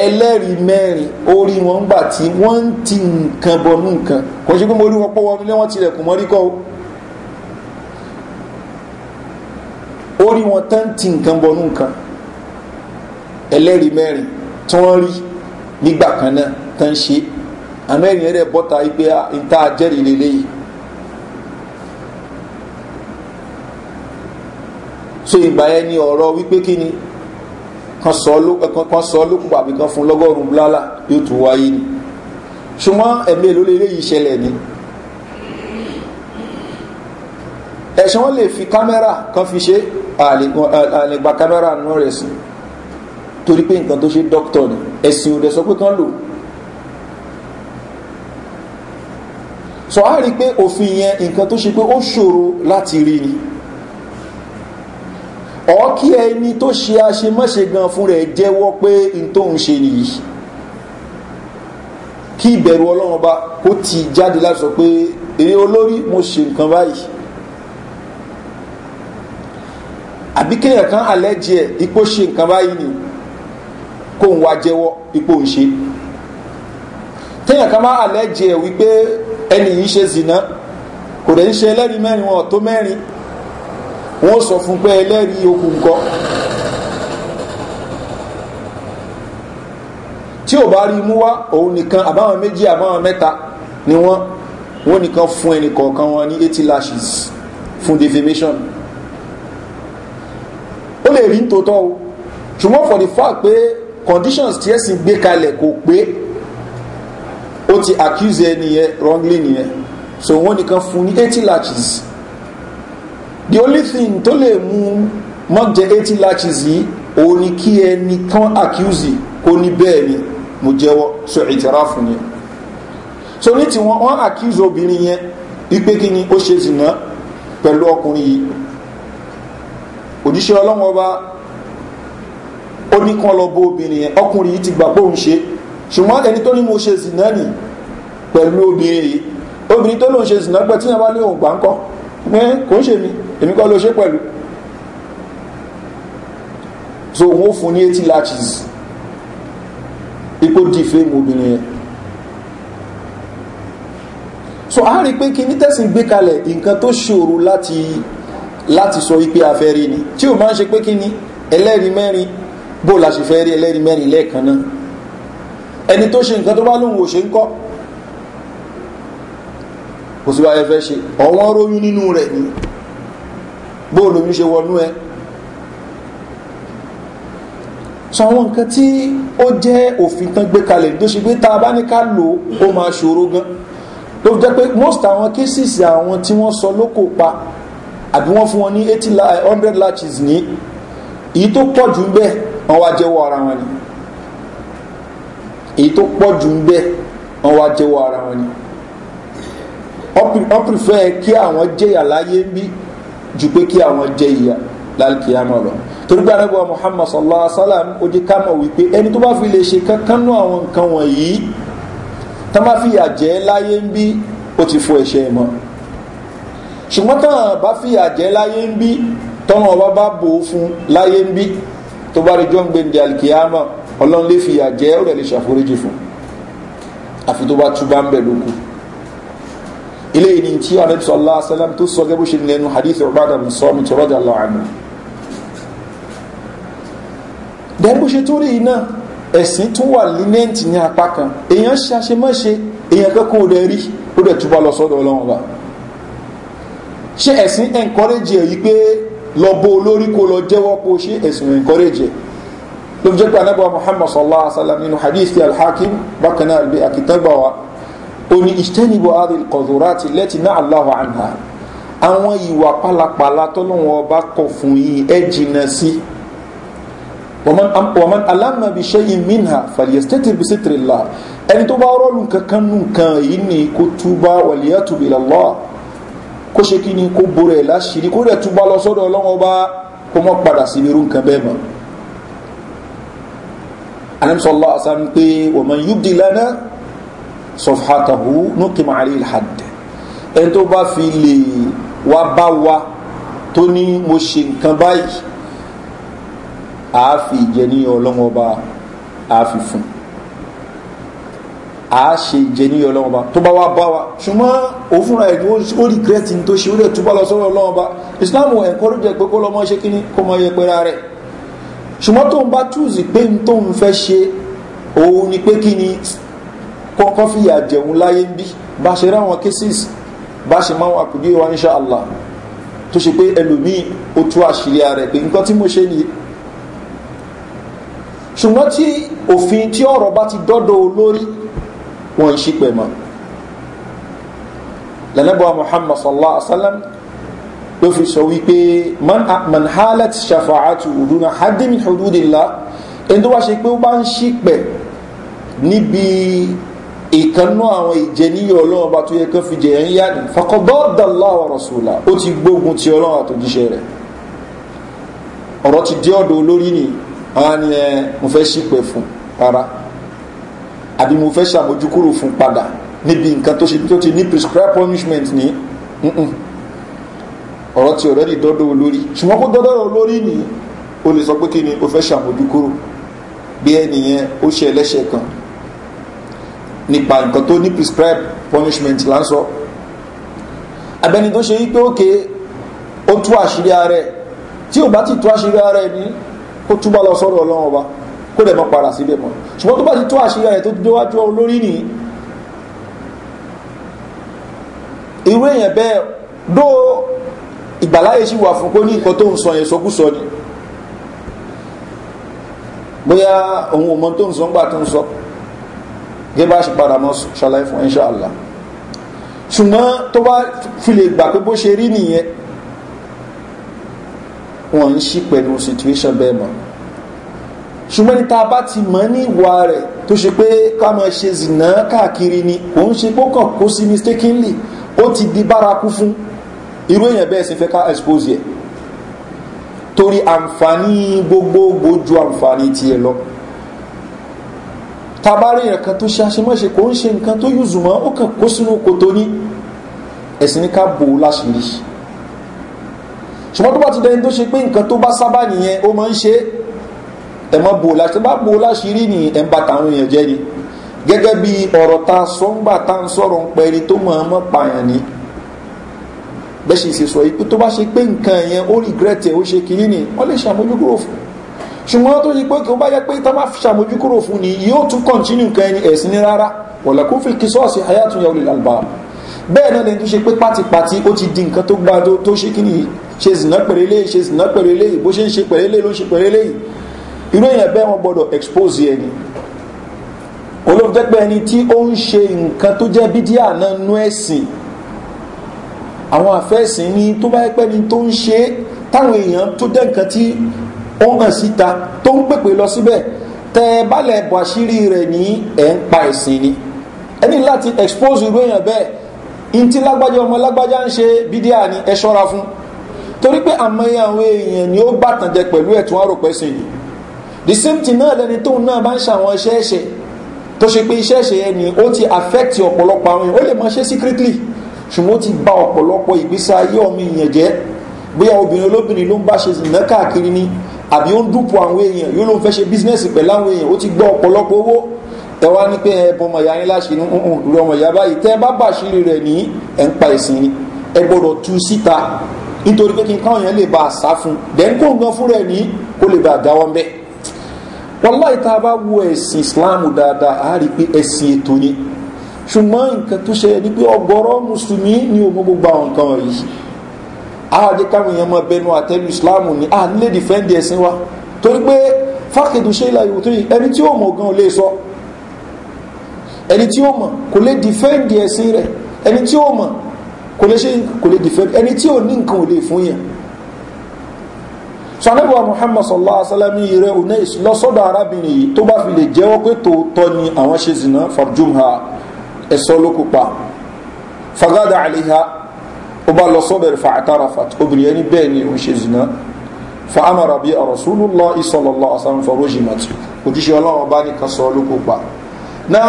Speaker 1: ẹlẹ́rìí mẹ́rin orí wọn gbà tí wọ́n ń ti nǹkan bọnú nǹkan kò ṣe pé mo rí wọn pọ́ wọnú ilé wọn tilẹ̀kùn mọ́rí kọ́ orí wọn tán ti nǹkan bọnú nǹkan ẹlẹ́rìí mẹ́rin tí wọ́n rí nígbà kan náà tán ṣe àmọ́ ẹ̀yìn rẹ̀ bọ́ta ipe ìta jẹ́rìí lélẹ́yìí so ìgbà yẹn ni ọ̀rọ̀ wípé kí ni kan sọ lókùn àbí kan fún lọ́gọ́rùn-ún bláàlà yóò tún wáyé ni ṣùgbọ́n ẹ̀mí èlò lè léyìí ṣẹlẹ̀ ni ẹ̀ṣẹ̀ wọn lè fi kámẹ́rà kan fi ṣe àlègbà kámẹ́rà nù rẹ̀ sí torí pé nǹkan tó ṣe dókítọ̀ ni ẹ̀sìn òde sọ pé kán lò sọ á rí i pé òfin yẹn nǹkan tó ṣe pé ó ṣòro láti rí ni. So, ọ kí ẹni tó ṣe aṣemáṣe gan fún rẹ̀ jẹ́wọ́ pé n tó ń ṣe nìyí kí ìbẹ̀rù ọlọ́run ọba kó ti jáde láti sọ pé èrè olórí mo ṣe nǹkan báyìí àbí kéèyàn kan àlẹ́jì ipò ṣe nǹkan báyìí ni kó ń wá jẹ́wọ́ ipò ń ṣe téèyàn kan bá àlẹ́jì wípé ẹni yìí ṣe zìnà kò dẹ̀ ń ṣe ẹlẹ́rìí mẹ́rin wọn tó mẹ́rin wọ́n sọ fún pé ẹlẹ́rìí okù ńkọ́ tí ò bá rí mú wá òun nìkan àbáwọn méjì àbáwọn mẹ́ta ni wọ́n wọ́n nìkan fún ẹnì kọ̀ọ̀kan wọn ní eighty lashes fún defamation ó lè rí tòótọ́ o ṣùgbọ́n for the fact pé conditions tí ẹ̀sìn gbé kalẹ̀ kò pé ó ti accuse ẹni yẹn wrongly nìyẹn so wọ́n nìkan fún ní eighty lashes the only thing tó lè mú mọ́jẹ eighty lashes yìí òun ni kí ẹni kan accuse kó ní bẹ́ẹ̀ ni mo jẹ́wọ́ so ìtara fún yẹn so ní tiwọn wọn accuse obìnrin yẹn wípé kí ni ó ṣe zìnà pẹ̀lú ọkùnrin yìí òjíṣẹ́ ọlọ́wọ́n ọba ó ní kan lọ bó obìnrin yẹn ọkùnrin yìí ti gbà pé òun ṣe ṣùgbọ́n ẹni tó ní mo ṣe zìnà nì pẹ̀lú obìnrin yìí obìnrin tó lòun ṣe zìnà pẹ̀ tí yẹn bá lé òun gbà ń kọ́ pé kò ń ṣe mi èmi kọ́ ló ṣe pẹ̀lú so wọ́n fún ní eighty latches ipò dìfẹ́mù obìnrin yẹn so a rí pé kí ní tẹ́sìn gbé kalẹ̀ nǹkan tó ṣòro láti láti sọ wípé a fẹ́ rí ni tí o máa ń ṣe pé kí ni ẹlẹ́rìí mẹ́rin bó la ṣe fẹ́ rí ẹlẹ́rìí mẹ́rin lẹ́ẹ̀kan náà ẹni tó ṣe nǹkan tó bá lóun ò ṣe ń kọ́ kò sí wáyé fẹ́ ṣe ọ̀wọ́n róyún nínú rẹ̀ ni bóòlù mi ṣe wọnú ẹ sọ àwọn nǹkan tí ó jẹ́ òfin tán gbé kalẹ̀ tó ṣe pé tá a bá ní ká lò ó máa ṣòro gan tó fi jẹ́ pé most àwọn cases àwọn tí wọ́n sọ lóko pa àbí wọ́n fún wọn ní eighty latches ní èyí tó pọ̀ jù ń bẹ́ wọn wá jẹ́wọ́ ara wọn ni èyí tó pọ̀ jù ń bẹ́ wọn wá jẹ́wọ́ ara wọn ni wọ́n pìfẹ́ kí àwọn jẹ́yà láyé ń bí ju pé kí àwọn jẹ́yà lálùkìyàmọ̀ lọ torí gbà rẹ́bọ̀ muhammad sallallahu alaihi wa sallam ó jẹ́ ká mọ̀ wípé ẹni tó bá fi lè ṣe kankan àwọn nǹkan wọ̀nyí tó bá fi yà jẹ́ láyé bí ó ti fọ ẹ̀ṣẹ̀ mọ́ ṣùgbọ́n tó bá fi yà jẹ́ láyé bí tọ́wọ́n ọba bá bò ó fún láyé bí tó bá rí jọ́ ń gbèǹdé alùkìyàmọ̀ ọlọ́run lè fi yà jẹ́ ó rẹ̀ lè ṣàforíjì fún àfi tó bá túbá ń bẹ̀ lókun ilé ìní tí anabi sọlá sẹlẹm tó sọ gẹ́gẹ́ bó ṣe lẹ́nu hadith ọ̀bádà musọ́mi tó rọ́jà lọ àná dẹ́n bó ṣe tó rí iná ẹ̀sìn tún wà línẹ́ǹtì ní apá kan èèyàn ṣe àṣemáṣe èèyàn kẹ́kọ̀ọ́ ó dẹ̀ rí ó dẹ̀ túbọ̀ lọ sọ́dọ̀ ọlọ́run ọba ṣé ẹ̀sìn encourage ẹ̀ yí pé lọ bó olórí kó lọ jẹ́wọ́ pé ó ṣe ẹ̀sìn encourage ló fi jẹ́ pé anábọ̀ muhammad sọlá sẹlẹm nínú hadith alhakim bákan náà àkìtàgbà wa oní ìtẹ́nibù adil kọ̀dùrátì lẹ́tì náà aláwọ̀ àná àwọn ìwà pálapàla tọ́lọ́wọ́n ọba kọ̀ fún yìí ẹ jìnà sí wọ́n alámàbí ṣẹ́yìn mìíràn fàlìyàstẹ́tì bí sítìrì là ẹni tó bá rọ́ọ̀lù kankan nù kan yìí ni kó túbá wàlíyà tùbí lọ́wọ́ kó ṣe kí ni kó borẹ̀ láṣìírí kó rẹ̀ túbá lọ sọ́dọ̀ ọlọ́wọ́n ọba kó mọ́ padà sí irú nǹkan bẹ́ẹ̀ mọ́ anamsọ́lá àṣà wọ́n mọ̀ lánàá sọfàtàhù núkìmọ̀ àrí ìhàdẹ̀ ẹni tó bá fi lè wá bá wa tó ní mo ṣe nǹkan báyìí àáfi ìjẹniyàn ọlọ́wọ́ bá àáfi fún àáṣe ìjẹniyàn ọlọ́wọ́ bá tó bá wá bá wa ṣùgbọ́n òfúnra ẹ̀ ó rí gírẹ́tì tó ṣe ó lè túbọ̀ lọ sọ́rọ̀ ọlọ́wọ́ bá islam encourage pé kó lọ́mọ ṣe kíní kó mọ yẹpẹra rẹ̀ ṣùgbọ́n tó ń bá túùsì pé n tó ń fẹ́ ṣe òun ni pé kíni kọ́kọ́ fi yà jẹun láyé ń bí bá ṣe ráwọn cases bá ṣe máa wà pẹ̀lú ìwà níṣà allah tó ṣe pé ẹlòmíì ó tú àṣírí rẹ̀ pé nǹkan tí mo ṣe nìyí ṣùgbọ́n tí òfin tí ọ̀rọ̀ bá ti dọ́dọ̀ olórí wọn ń ṣípẹ̀ mọ́ lẹ́nàbọ̀ muhammad sallallahu alaihi wasallam ló fi sọ wípé man halat shafa'atu uduna hadimin hududillah ẹni tó wá ṣe pé ó bá ń ṣípẹ̀ níbi ìkànnú àwọn ìjẹniyàn ọlọ́run ọba tó yẹ kán fi jẹ̀yàn yá ni fakọ́dọ́dàlá ọ̀rọ̀ sùlà ó ti gbógun ti ọlọ́run àtòjíṣẹ́ rẹ̀ ọ̀rọ̀ ti dé ọ̀dọ̀ olórí ni àwọn ni ẹ mo fẹ́ ṣìpẹ̀ fún rárá àbí mo fẹ́ ṣàmójúkúrò fún padà níbi nǹkan tó ti ní prescribed punishment ní ọ̀rọ̀ ti ọ̀rẹ́dì dọ́dọ̀ olórí ṣùgbọ́n kó dọ́dọ̀ olórí ni o lè sọ pé kí ni o fẹ́ ṣàmójúkúrò bí ẹnìyẹn ó ṣe ẹlẹ́ṣẹ̀ kan nípa nǹkan tó ní prescribe punishment là ń sọ abẹni tó ṣe wípé òkè ó tú àṣírí ara ẹ tí ò bá ti tú àṣírí ara ẹ ní kó túbọ̀ lọ sọ́dọ̀ ọlọ́run ọba kó dẹ̀ mọ́ para síbẹ̀ mọ́ ṣùgbọ́n tó bá ti tú àṣírí ara ẹ tó ti déwájú olórí nìyí irú èèyàn bẹ́ẹ̀ dó ìgbàláyé sí wà fún kó ní nǹkan tó ń sọ yẹn sọkúsọ ni bóyá òun ò mọ tó ń sọ ń gbà tó ń sọ gẹ́gẹ́ bá ṣe padà mọ́ ṣàlàyé fún inṣàlá ṣùgbọ́n tó bá fi lè gbà pé bó ṣe rí nìyẹn wọ́n ń ṣí pẹ̀lú situation bẹ́ẹ̀ mọ́ ṣùgbọ́n ní ta bá ti mọ̀ ní ìwà rẹ̀ tó ṣe pé ká máa ṣe zìnà káàkiri ni kò ń ṣe pọ́kàn kó sí mistakenly ó ti di bárakú fún irú èèyàn bẹ́ẹ̀ sì fẹ́ ká expose yẹ torí àǹfààní gbogbogbò ju àǹfààní tiẹ̀ lọ tabarí yẹn kan tó ṣe aṣemáṣe kò ń ṣe nǹkan tó yùzù mọ́ ó kàn kó sínú kòtò ní ẹ̀sìn ní ká bò ó láṣìírí ṣùgbọ́n tó bá ti dẹni tó ṣe pé nǹkan tó bá sábà nìyẹn ó máa ń ṣe ẹ̀ mọ́ bò ó láṣìírí bá bò ó láṣìírí ni ẹ̀ ń ba tàwọn èèyàn jẹ́ ni gẹ́gẹ́ bí ọ̀rọ̀ ta sọ́ngbà tá ń sọ̀rọ̀ ń pẹ́ ẹni tó mọ̀ ọmọ pààyàn ni bẹ́ẹ̀ ṣe sọ yìí pé tó bá ṣe pé nǹkan yẹn ó rìgírẹ́tì ó ṣe kiri ni wọ́n lè ṣàmójúkúrò fún un ṣùgbọ́n tó yí pé kí ó bá yẹ pé tá má fi ṣàmójúkúrò fún ni yóò tún kọ̀ntínú nǹkan ẹni ẹ̀sìn ní rárá wọ̀lẹ̀kún fi kí sọ́ọ̀sì hayatun yawon lalba bẹ́ẹ̀ náà lè tún ṣe pé pátipàti ó ti di nǹkan tó gbá tó ṣe kí ni ṣe zìnà pèrèlé ṣe zìnà pèrèlé bó ṣe ń ṣe pèrèlé ló ń ṣe pèrèlé irú èèyàn bẹ́ẹ̀ wọn gbọ́dọ̀ expose ẹni olóòjẹ́ pé ẹni tí ó ń ṣe nǹkan tó jẹ́ bídíà náà nú ẹ̀sìn àwọn àfẹ́sìn ni tó bá yẹ pé ni tó ń ṣe táwọn èèyàn tó jẹ́ nǹkan tí ó hàn síta tó ń pèpè lọ síbẹ̀ tẹ balẹ̀ bọ̀ rẹ̀ ní ẹ̀ ń pa ẹ̀sìn ni ẹni láti expose irú èèyàn bẹ́ẹ̀ in tí lágbájá ọmọ lágbájá ń ṣe bídíà ni ẹ ṣọ́ra fún torí pé àmọye àwọn èèyàn ni ó bàtàn jẹ pẹ̀lú ẹ̀tún àròpẹ́ sí ni the same thing náà lẹni tóun náà bá ń ṣàwọn iṣẹ́ ẹ̀ṣẹ̀ tó ṣe pé iṣẹ́ ẹ̀ṣẹ̀ yẹn ni ó ti affect ọ̀pọ̀lọpọ̀ àwọn èèyàn ó lè mọ ṣe secretly ṣùgbọ́n ó ti ba ọ̀pọ̀lọpọ̀ ìgbésí ayé ọmọ èèyàn jẹ́ bóyá obìnrin olóbìnrin ló ń bá ṣe zìnà káàkiri ni àbí ó ń dúpọ̀ àwọn èèyàn yóò ló ń fẹ́ ṣe bísínẹ́sì pẹ̀lú àwọn èèyàn ó ti gbọ́ ọ̀pọ̀lọpọ̀ owó ẹ wá ní pé ẹbọ ọmọ ìyá yín láṣẹ ní ìlú ọmọ ìyá báyìí tẹ́ bá bàṣírí rẹ̀ ní ẹ̀ ń pa ẹ̀sìn ni ẹ gbọ́dọ̀ tú síta nítorí pé kí n káwọn yẹn lè ba àṣà fún dẹ́n kó nǹkan fúnra ẹ̀ ní kó lè ba àdáwọ́ mbẹ́ wàláì tá a bá wo ẹ̀sìn islam dáadáa a rí pé ẹ̀sìn ètò ni ṣùgbọ́n nǹkan tó ṣe ni pé ọgọ́rọ́ mùsùlùmí ni òun gbogbo àwọn nǹkan wọ̀nyí àádé káwọn èèyàn mọ bẹnu àtẹlu islam ni à nílé dìfẹ́ǹdì ẹ̀sìn wa torí pé fákèdù ṣe ìlà ìwòtò yìí ẹni tí ó mọ̀ gan ò lè sọ ẹni tí ó mọ̀ kò lè dìfẹ́ǹdì ẹ̀sìn rẹ̀ ẹni tí ó mọ̀ kò lè ṣe kò lè dìfẹ́ǹdì ẹni tí ò ní nǹkan ò lè fún yẹn sọ̀nẹ́bọ̀ muhammad sallallahu alaihi wasallam yìí rẹ̀ òun náà arábìnrin yìí tó bá fi lè jẹ́wọ́ pé tòótọ́ ni àwọn ṣe zìnà farjumha ẹ̀sọ́ ló fagada àlehà ó bá lọ sọ́bẹ̀rẹ̀ fa àtàràfà obìnrin ẹni bẹ́ẹ̀ ni òun ṣe zina fa amara bí arasúlùlọ ìsọlọlọ asanfọrọjì màtí òjíṣẹ́ ọlọ́run bá ní kan sọ lóko pa náà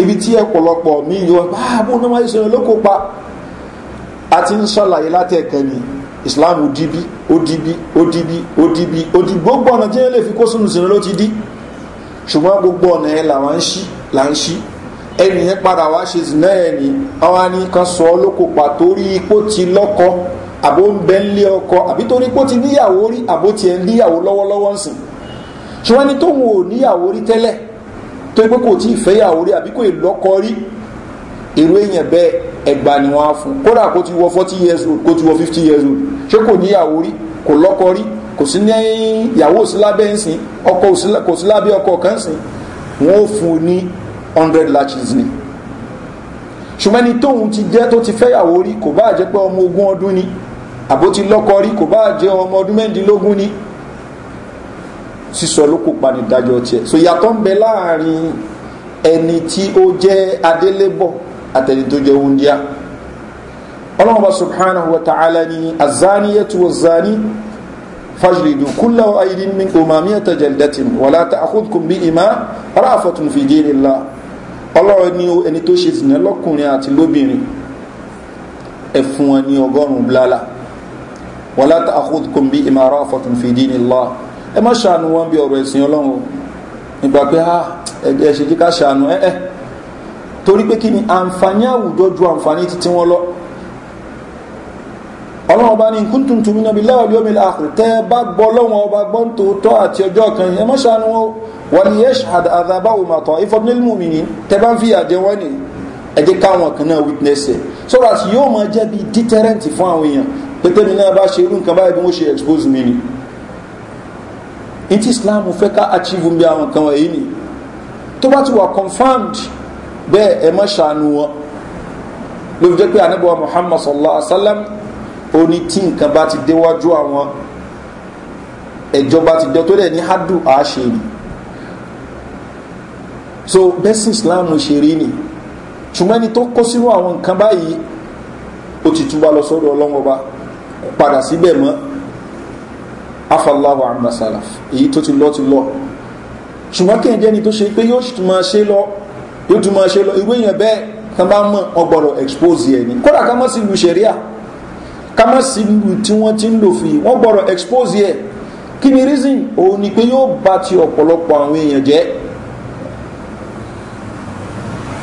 Speaker 1: ibi tí ẹ̀pọ̀lọpọ̀ mi yọ báàbò náà máa ń sọ lóko pa a ti ń ṣàlàyé látẹ̀kẹ́ ni islam òdìbí òdìbí òdìbí òdìbí òdìbí ẹnìyẹn padà wá ṣe zùnà ẹ̀ ní àwọn ni kan sọ ọ́ lóko pa torí ipò ti abo àbó ń bẹ́ ń lé ọkọ àbí torí ipò ti níyàwó rí àbó tiẹ̀ ń níyàwó lọ́wọ́lọ́wọ́ ń sìn ṣùgbọ́n tóun ò níyàwó rí tẹ́lẹ̀ tó pé kò tí ì rí àbí kò rí èrò èèyàn bẹ́ẹ̀ ẹgbà ni fún kódà kó ti wọ forty years old kó ti wọ fifty years old ṣé kò níyàwó rí kò lọ́kọ rí kò sí ní òsínlábẹ́ ń hundred lashes ni ṣùgbọ́n ẹni tóun ti jẹ́ tó ti fẹ́yàwó rí kò bá jẹ́ pé ọmọ ogún ọdún ni àbó ti lọ́kọ rí kò bá jẹ́ ọmọ ọdún mẹ́rìndínlógún ni sísọ ló kó pa nídájọ́ tiẹ̀ so ìyàtọ̀ ń bẹ láàrin ẹni tí ó jẹ́ adélébọ̀ àtẹni tó jẹ́ oúnjẹ ọlọ́run bá subhanahu wa ta'ala ni azaniyatu wa zani fajlidu kulla wa aidin min umamiyata jaldatin wala ta'khudhukum bi ima rafatun fi dinillah ọlọ́run ni ẹni tó ṣe zìnà lọ́kùnrin àti lóbìnrin ẹ̀fún wọn ní ọgọ́rùn-ún blala wọ́n látà àkókòm bí ìmọ̀ràn àfọ̀tún fìdí ní lọ ẹ má ṣàánú wọn bí ọ̀rọ̀ ẹ̀sìn ọlọ́run nígbà pé ha ah, ẹ ṣe kíkà ṣàánú ẹ ẹ torí pé kí ni àǹfààní àwùjọ ju àǹfààní títí wọn lọ ọlọ́run ọba ní kúntùn tùmí náà bí láwàlú omi àkùtẹ́ bá gbọ́ ọlọ́run ọba gbọ́ àti ọjọ́ kan ẹ má ṣàánú wọn wọ́n yẹ́ ṣàdá àdábá òmàtọ̀ ìfọ̀dúnlẹ́lùmù mi ni tẹ́bá ń fi àjẹ wọ́n ni ẹjẹ́ káwọn kan náà witness ẹ̀ so that yóò máa jẹ́ bí deterrent fún àwọn èèyàn pé tẹ́mi náà bá ṣe irú nǹkan báyìí bí wọ́n ṣe expose mi ni in ti islam fẹ́ ká achieve bí àwọn kan wọ̀nyí ni tó bá ti wà confirmed bẹ́ẹ̀ ẹ má ṣàánú wọn ló fi jẹ́ pé anábọ̀wá muhammad sallallahu alaihi wa sallam ó tí nǹkan bá ti déwájú àwọn ẹ̀jọba ti dẹ́ tó dẹ̀ ní hadu àṣírí so bẹ́sìn islam ṣe rí ni ṣùgbọ́n ẹni tó kó sínú àwọn nǹkan báyìí ó ti túbọ̀ lọ sọ́dọ̀ ọlọ́mọba padà síbẹ̀ mọ́ afọláwọ àmàsàlà èyí tó ti lọ ti lọ ṣùgbọ́n kí n jẹ́ ni tó ṣe pé yóò tún máa ṣe lọ yóò tún máa ṣe lọ ìwé yẹn bẹ́ẹ̀ kan bá mọ̀ ọgbọ̀rọ̀ expose ẹ̀ ni kódà ká mọ̀ sí lu ṣẹ̀ríà ká mọ̀ sí lu tí wọ́n ti ń lò fi wọ́n gbọ̀rọ̀ expose ẹ̀ kí ni reason òun ni pé yóò bá ti ọ̀pọ̀lọpọ̀ àwọn èèyàn jẹ́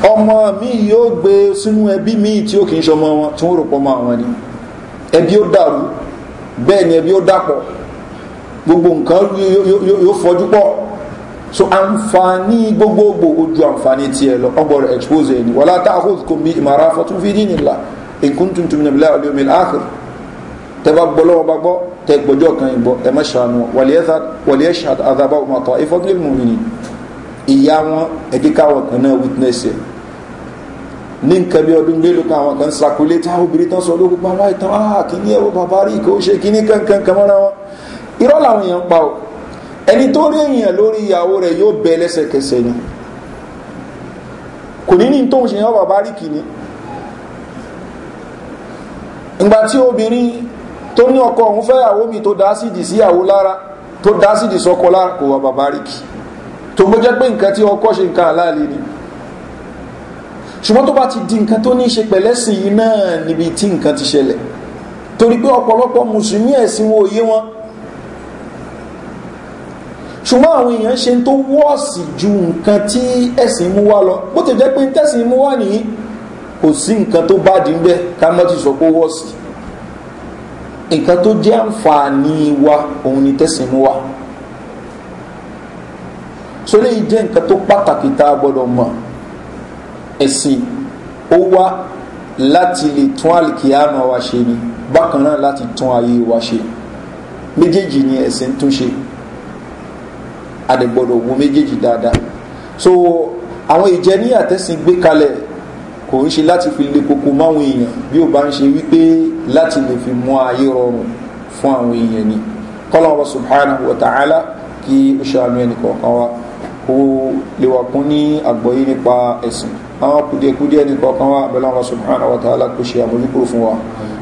Speaker 1: ọmọ mi yóò gbé sínú ẹbí mi tí ó kì í ṣọmọ wọn tí wọ́n rò pọ̀ àwọn ni ẹbí ó dàrú bẹ́ẹ̀ ni ẹbí ó dàpọ̀ gbogbo nǹkan yóò fọjú pọ̀ so àǹfààní gbogbogbò ojú àǹfààní tiẹ̀ lọ ọgbọ̀rọ̀ expose ẹni wọ́n látà hold kò bí ìmọ̀ra fọ́tún fi ní nìlá nǹkan tuntun ní ìlà ọ̀lẹ́ omi láàkìrì tẹ bá gbọ́ lọ́wọ́ bá gbọ́ tẹ gbọ́jọ́ kan ìbọ̀ ẹ má ṣàánú wàlẹ́ ṣàdàbà ọmọ àtọ̀ ìfọ́gílẹ̀ mọ̀mìnì ìyá wọn ẹ̀díkà wọn kan náà witness ẹ̀ ní nǹkan bí ọdún mélòó kan àwọn kan sàkúlé tí àwọn obìnrin tán sọ lókùn pàmò àìtàn áà kí ní ẹwọ́ bàbá rí kò ṣe kí ní kankan kan mọ́ra wọn irọ́ làwọn èèyàn pa ọ́ ẹni tó rí èèyàn lórí ìyàwó rẹ̀ yóò bẹ lẹ́sẹ̀kẹsẹ̀ ni kò ní ní tó ń ṣe ẹwọ́ oh, bàbá rí kì ní ìgbà tí obìnrin tó ní ọkọ òun fẹ́ ìyàwó mi tó dá sídìí sí ìyàwó lára tó dá sídìí sọkọ lára kò wà bàbá rí kì tó gbọ́jẹ́ pé nǹkan tí ọkọ ṣe nǹkan àláàlì ni ṣùgbọ́n tó bá ti di nǹkan tó ní ṣe pẹ̀lẹ́sìn yìí náà níbi tí nǹkan ti ṣẹlẹ̀ torí pé ọ̀pọ̀lọpọ̀ mùsùlùmí ẹ̀sìn wo òye wọn ṣùgbọ́n àwọn èèyàn ṣe tó wọ́ọ̀sì ju nǹkan tí ẹ̀sìn mú wá lọ bó ti jẹ́ pé tẹ̀sìn mú wá nìyí kò sí nǹkan tó bá dín bẹ́ẹ̀ ká má ti sọ pé wọ́ọ̀sì nǹkan tó jẹ́ àǹfààní wa òun ni tẹ̀sìn mú wá so léyìí jẹ́ nǹkan tó pàtàkì tá a gbọ́dọ̀ mọ̀ ẹ̀sìn ó wá láti lè tún àlìkìyàmà wa ṣe ni bákan náà láti tún ayé wa ṣe méjèèjì ni ẹ̀sìn ń túnṣe àdẹ̀gbọ́dọ̀ wo méjèèjì dáadáa so àwọn ìjẹ ní àtẹ́sìn gbé kalẹ̀ kò ń ṣe láti fi le koko máwọn èèyàn bí ó bá ń ṣe wípé láti lè fi mú ayé rọrùn fún àwọn èèyàn ni kọ́lọ́wọ́ subhanahu wa ta'ala kí ó ṣàánú ẹnì kọ̀ọ̀kan wa kó lè wà kún ní àgbọ̀yé nípa ẹ̀sìn àwọn kùdìẹ̀kùdìẹ̀ ní kọ̀ọ̀kan wá abẹ́lọ́wọ́ subhanahu wa ta'ala kò ṣe àmójúkúrò fún wa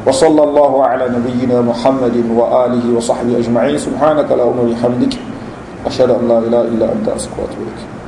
Speaker 1: وصلى الله على نبينا محمد وآله وصحبه أجمعين سبحانك اللهم وبحمدك أشهد أن لا إله إلا أنت أستغفرك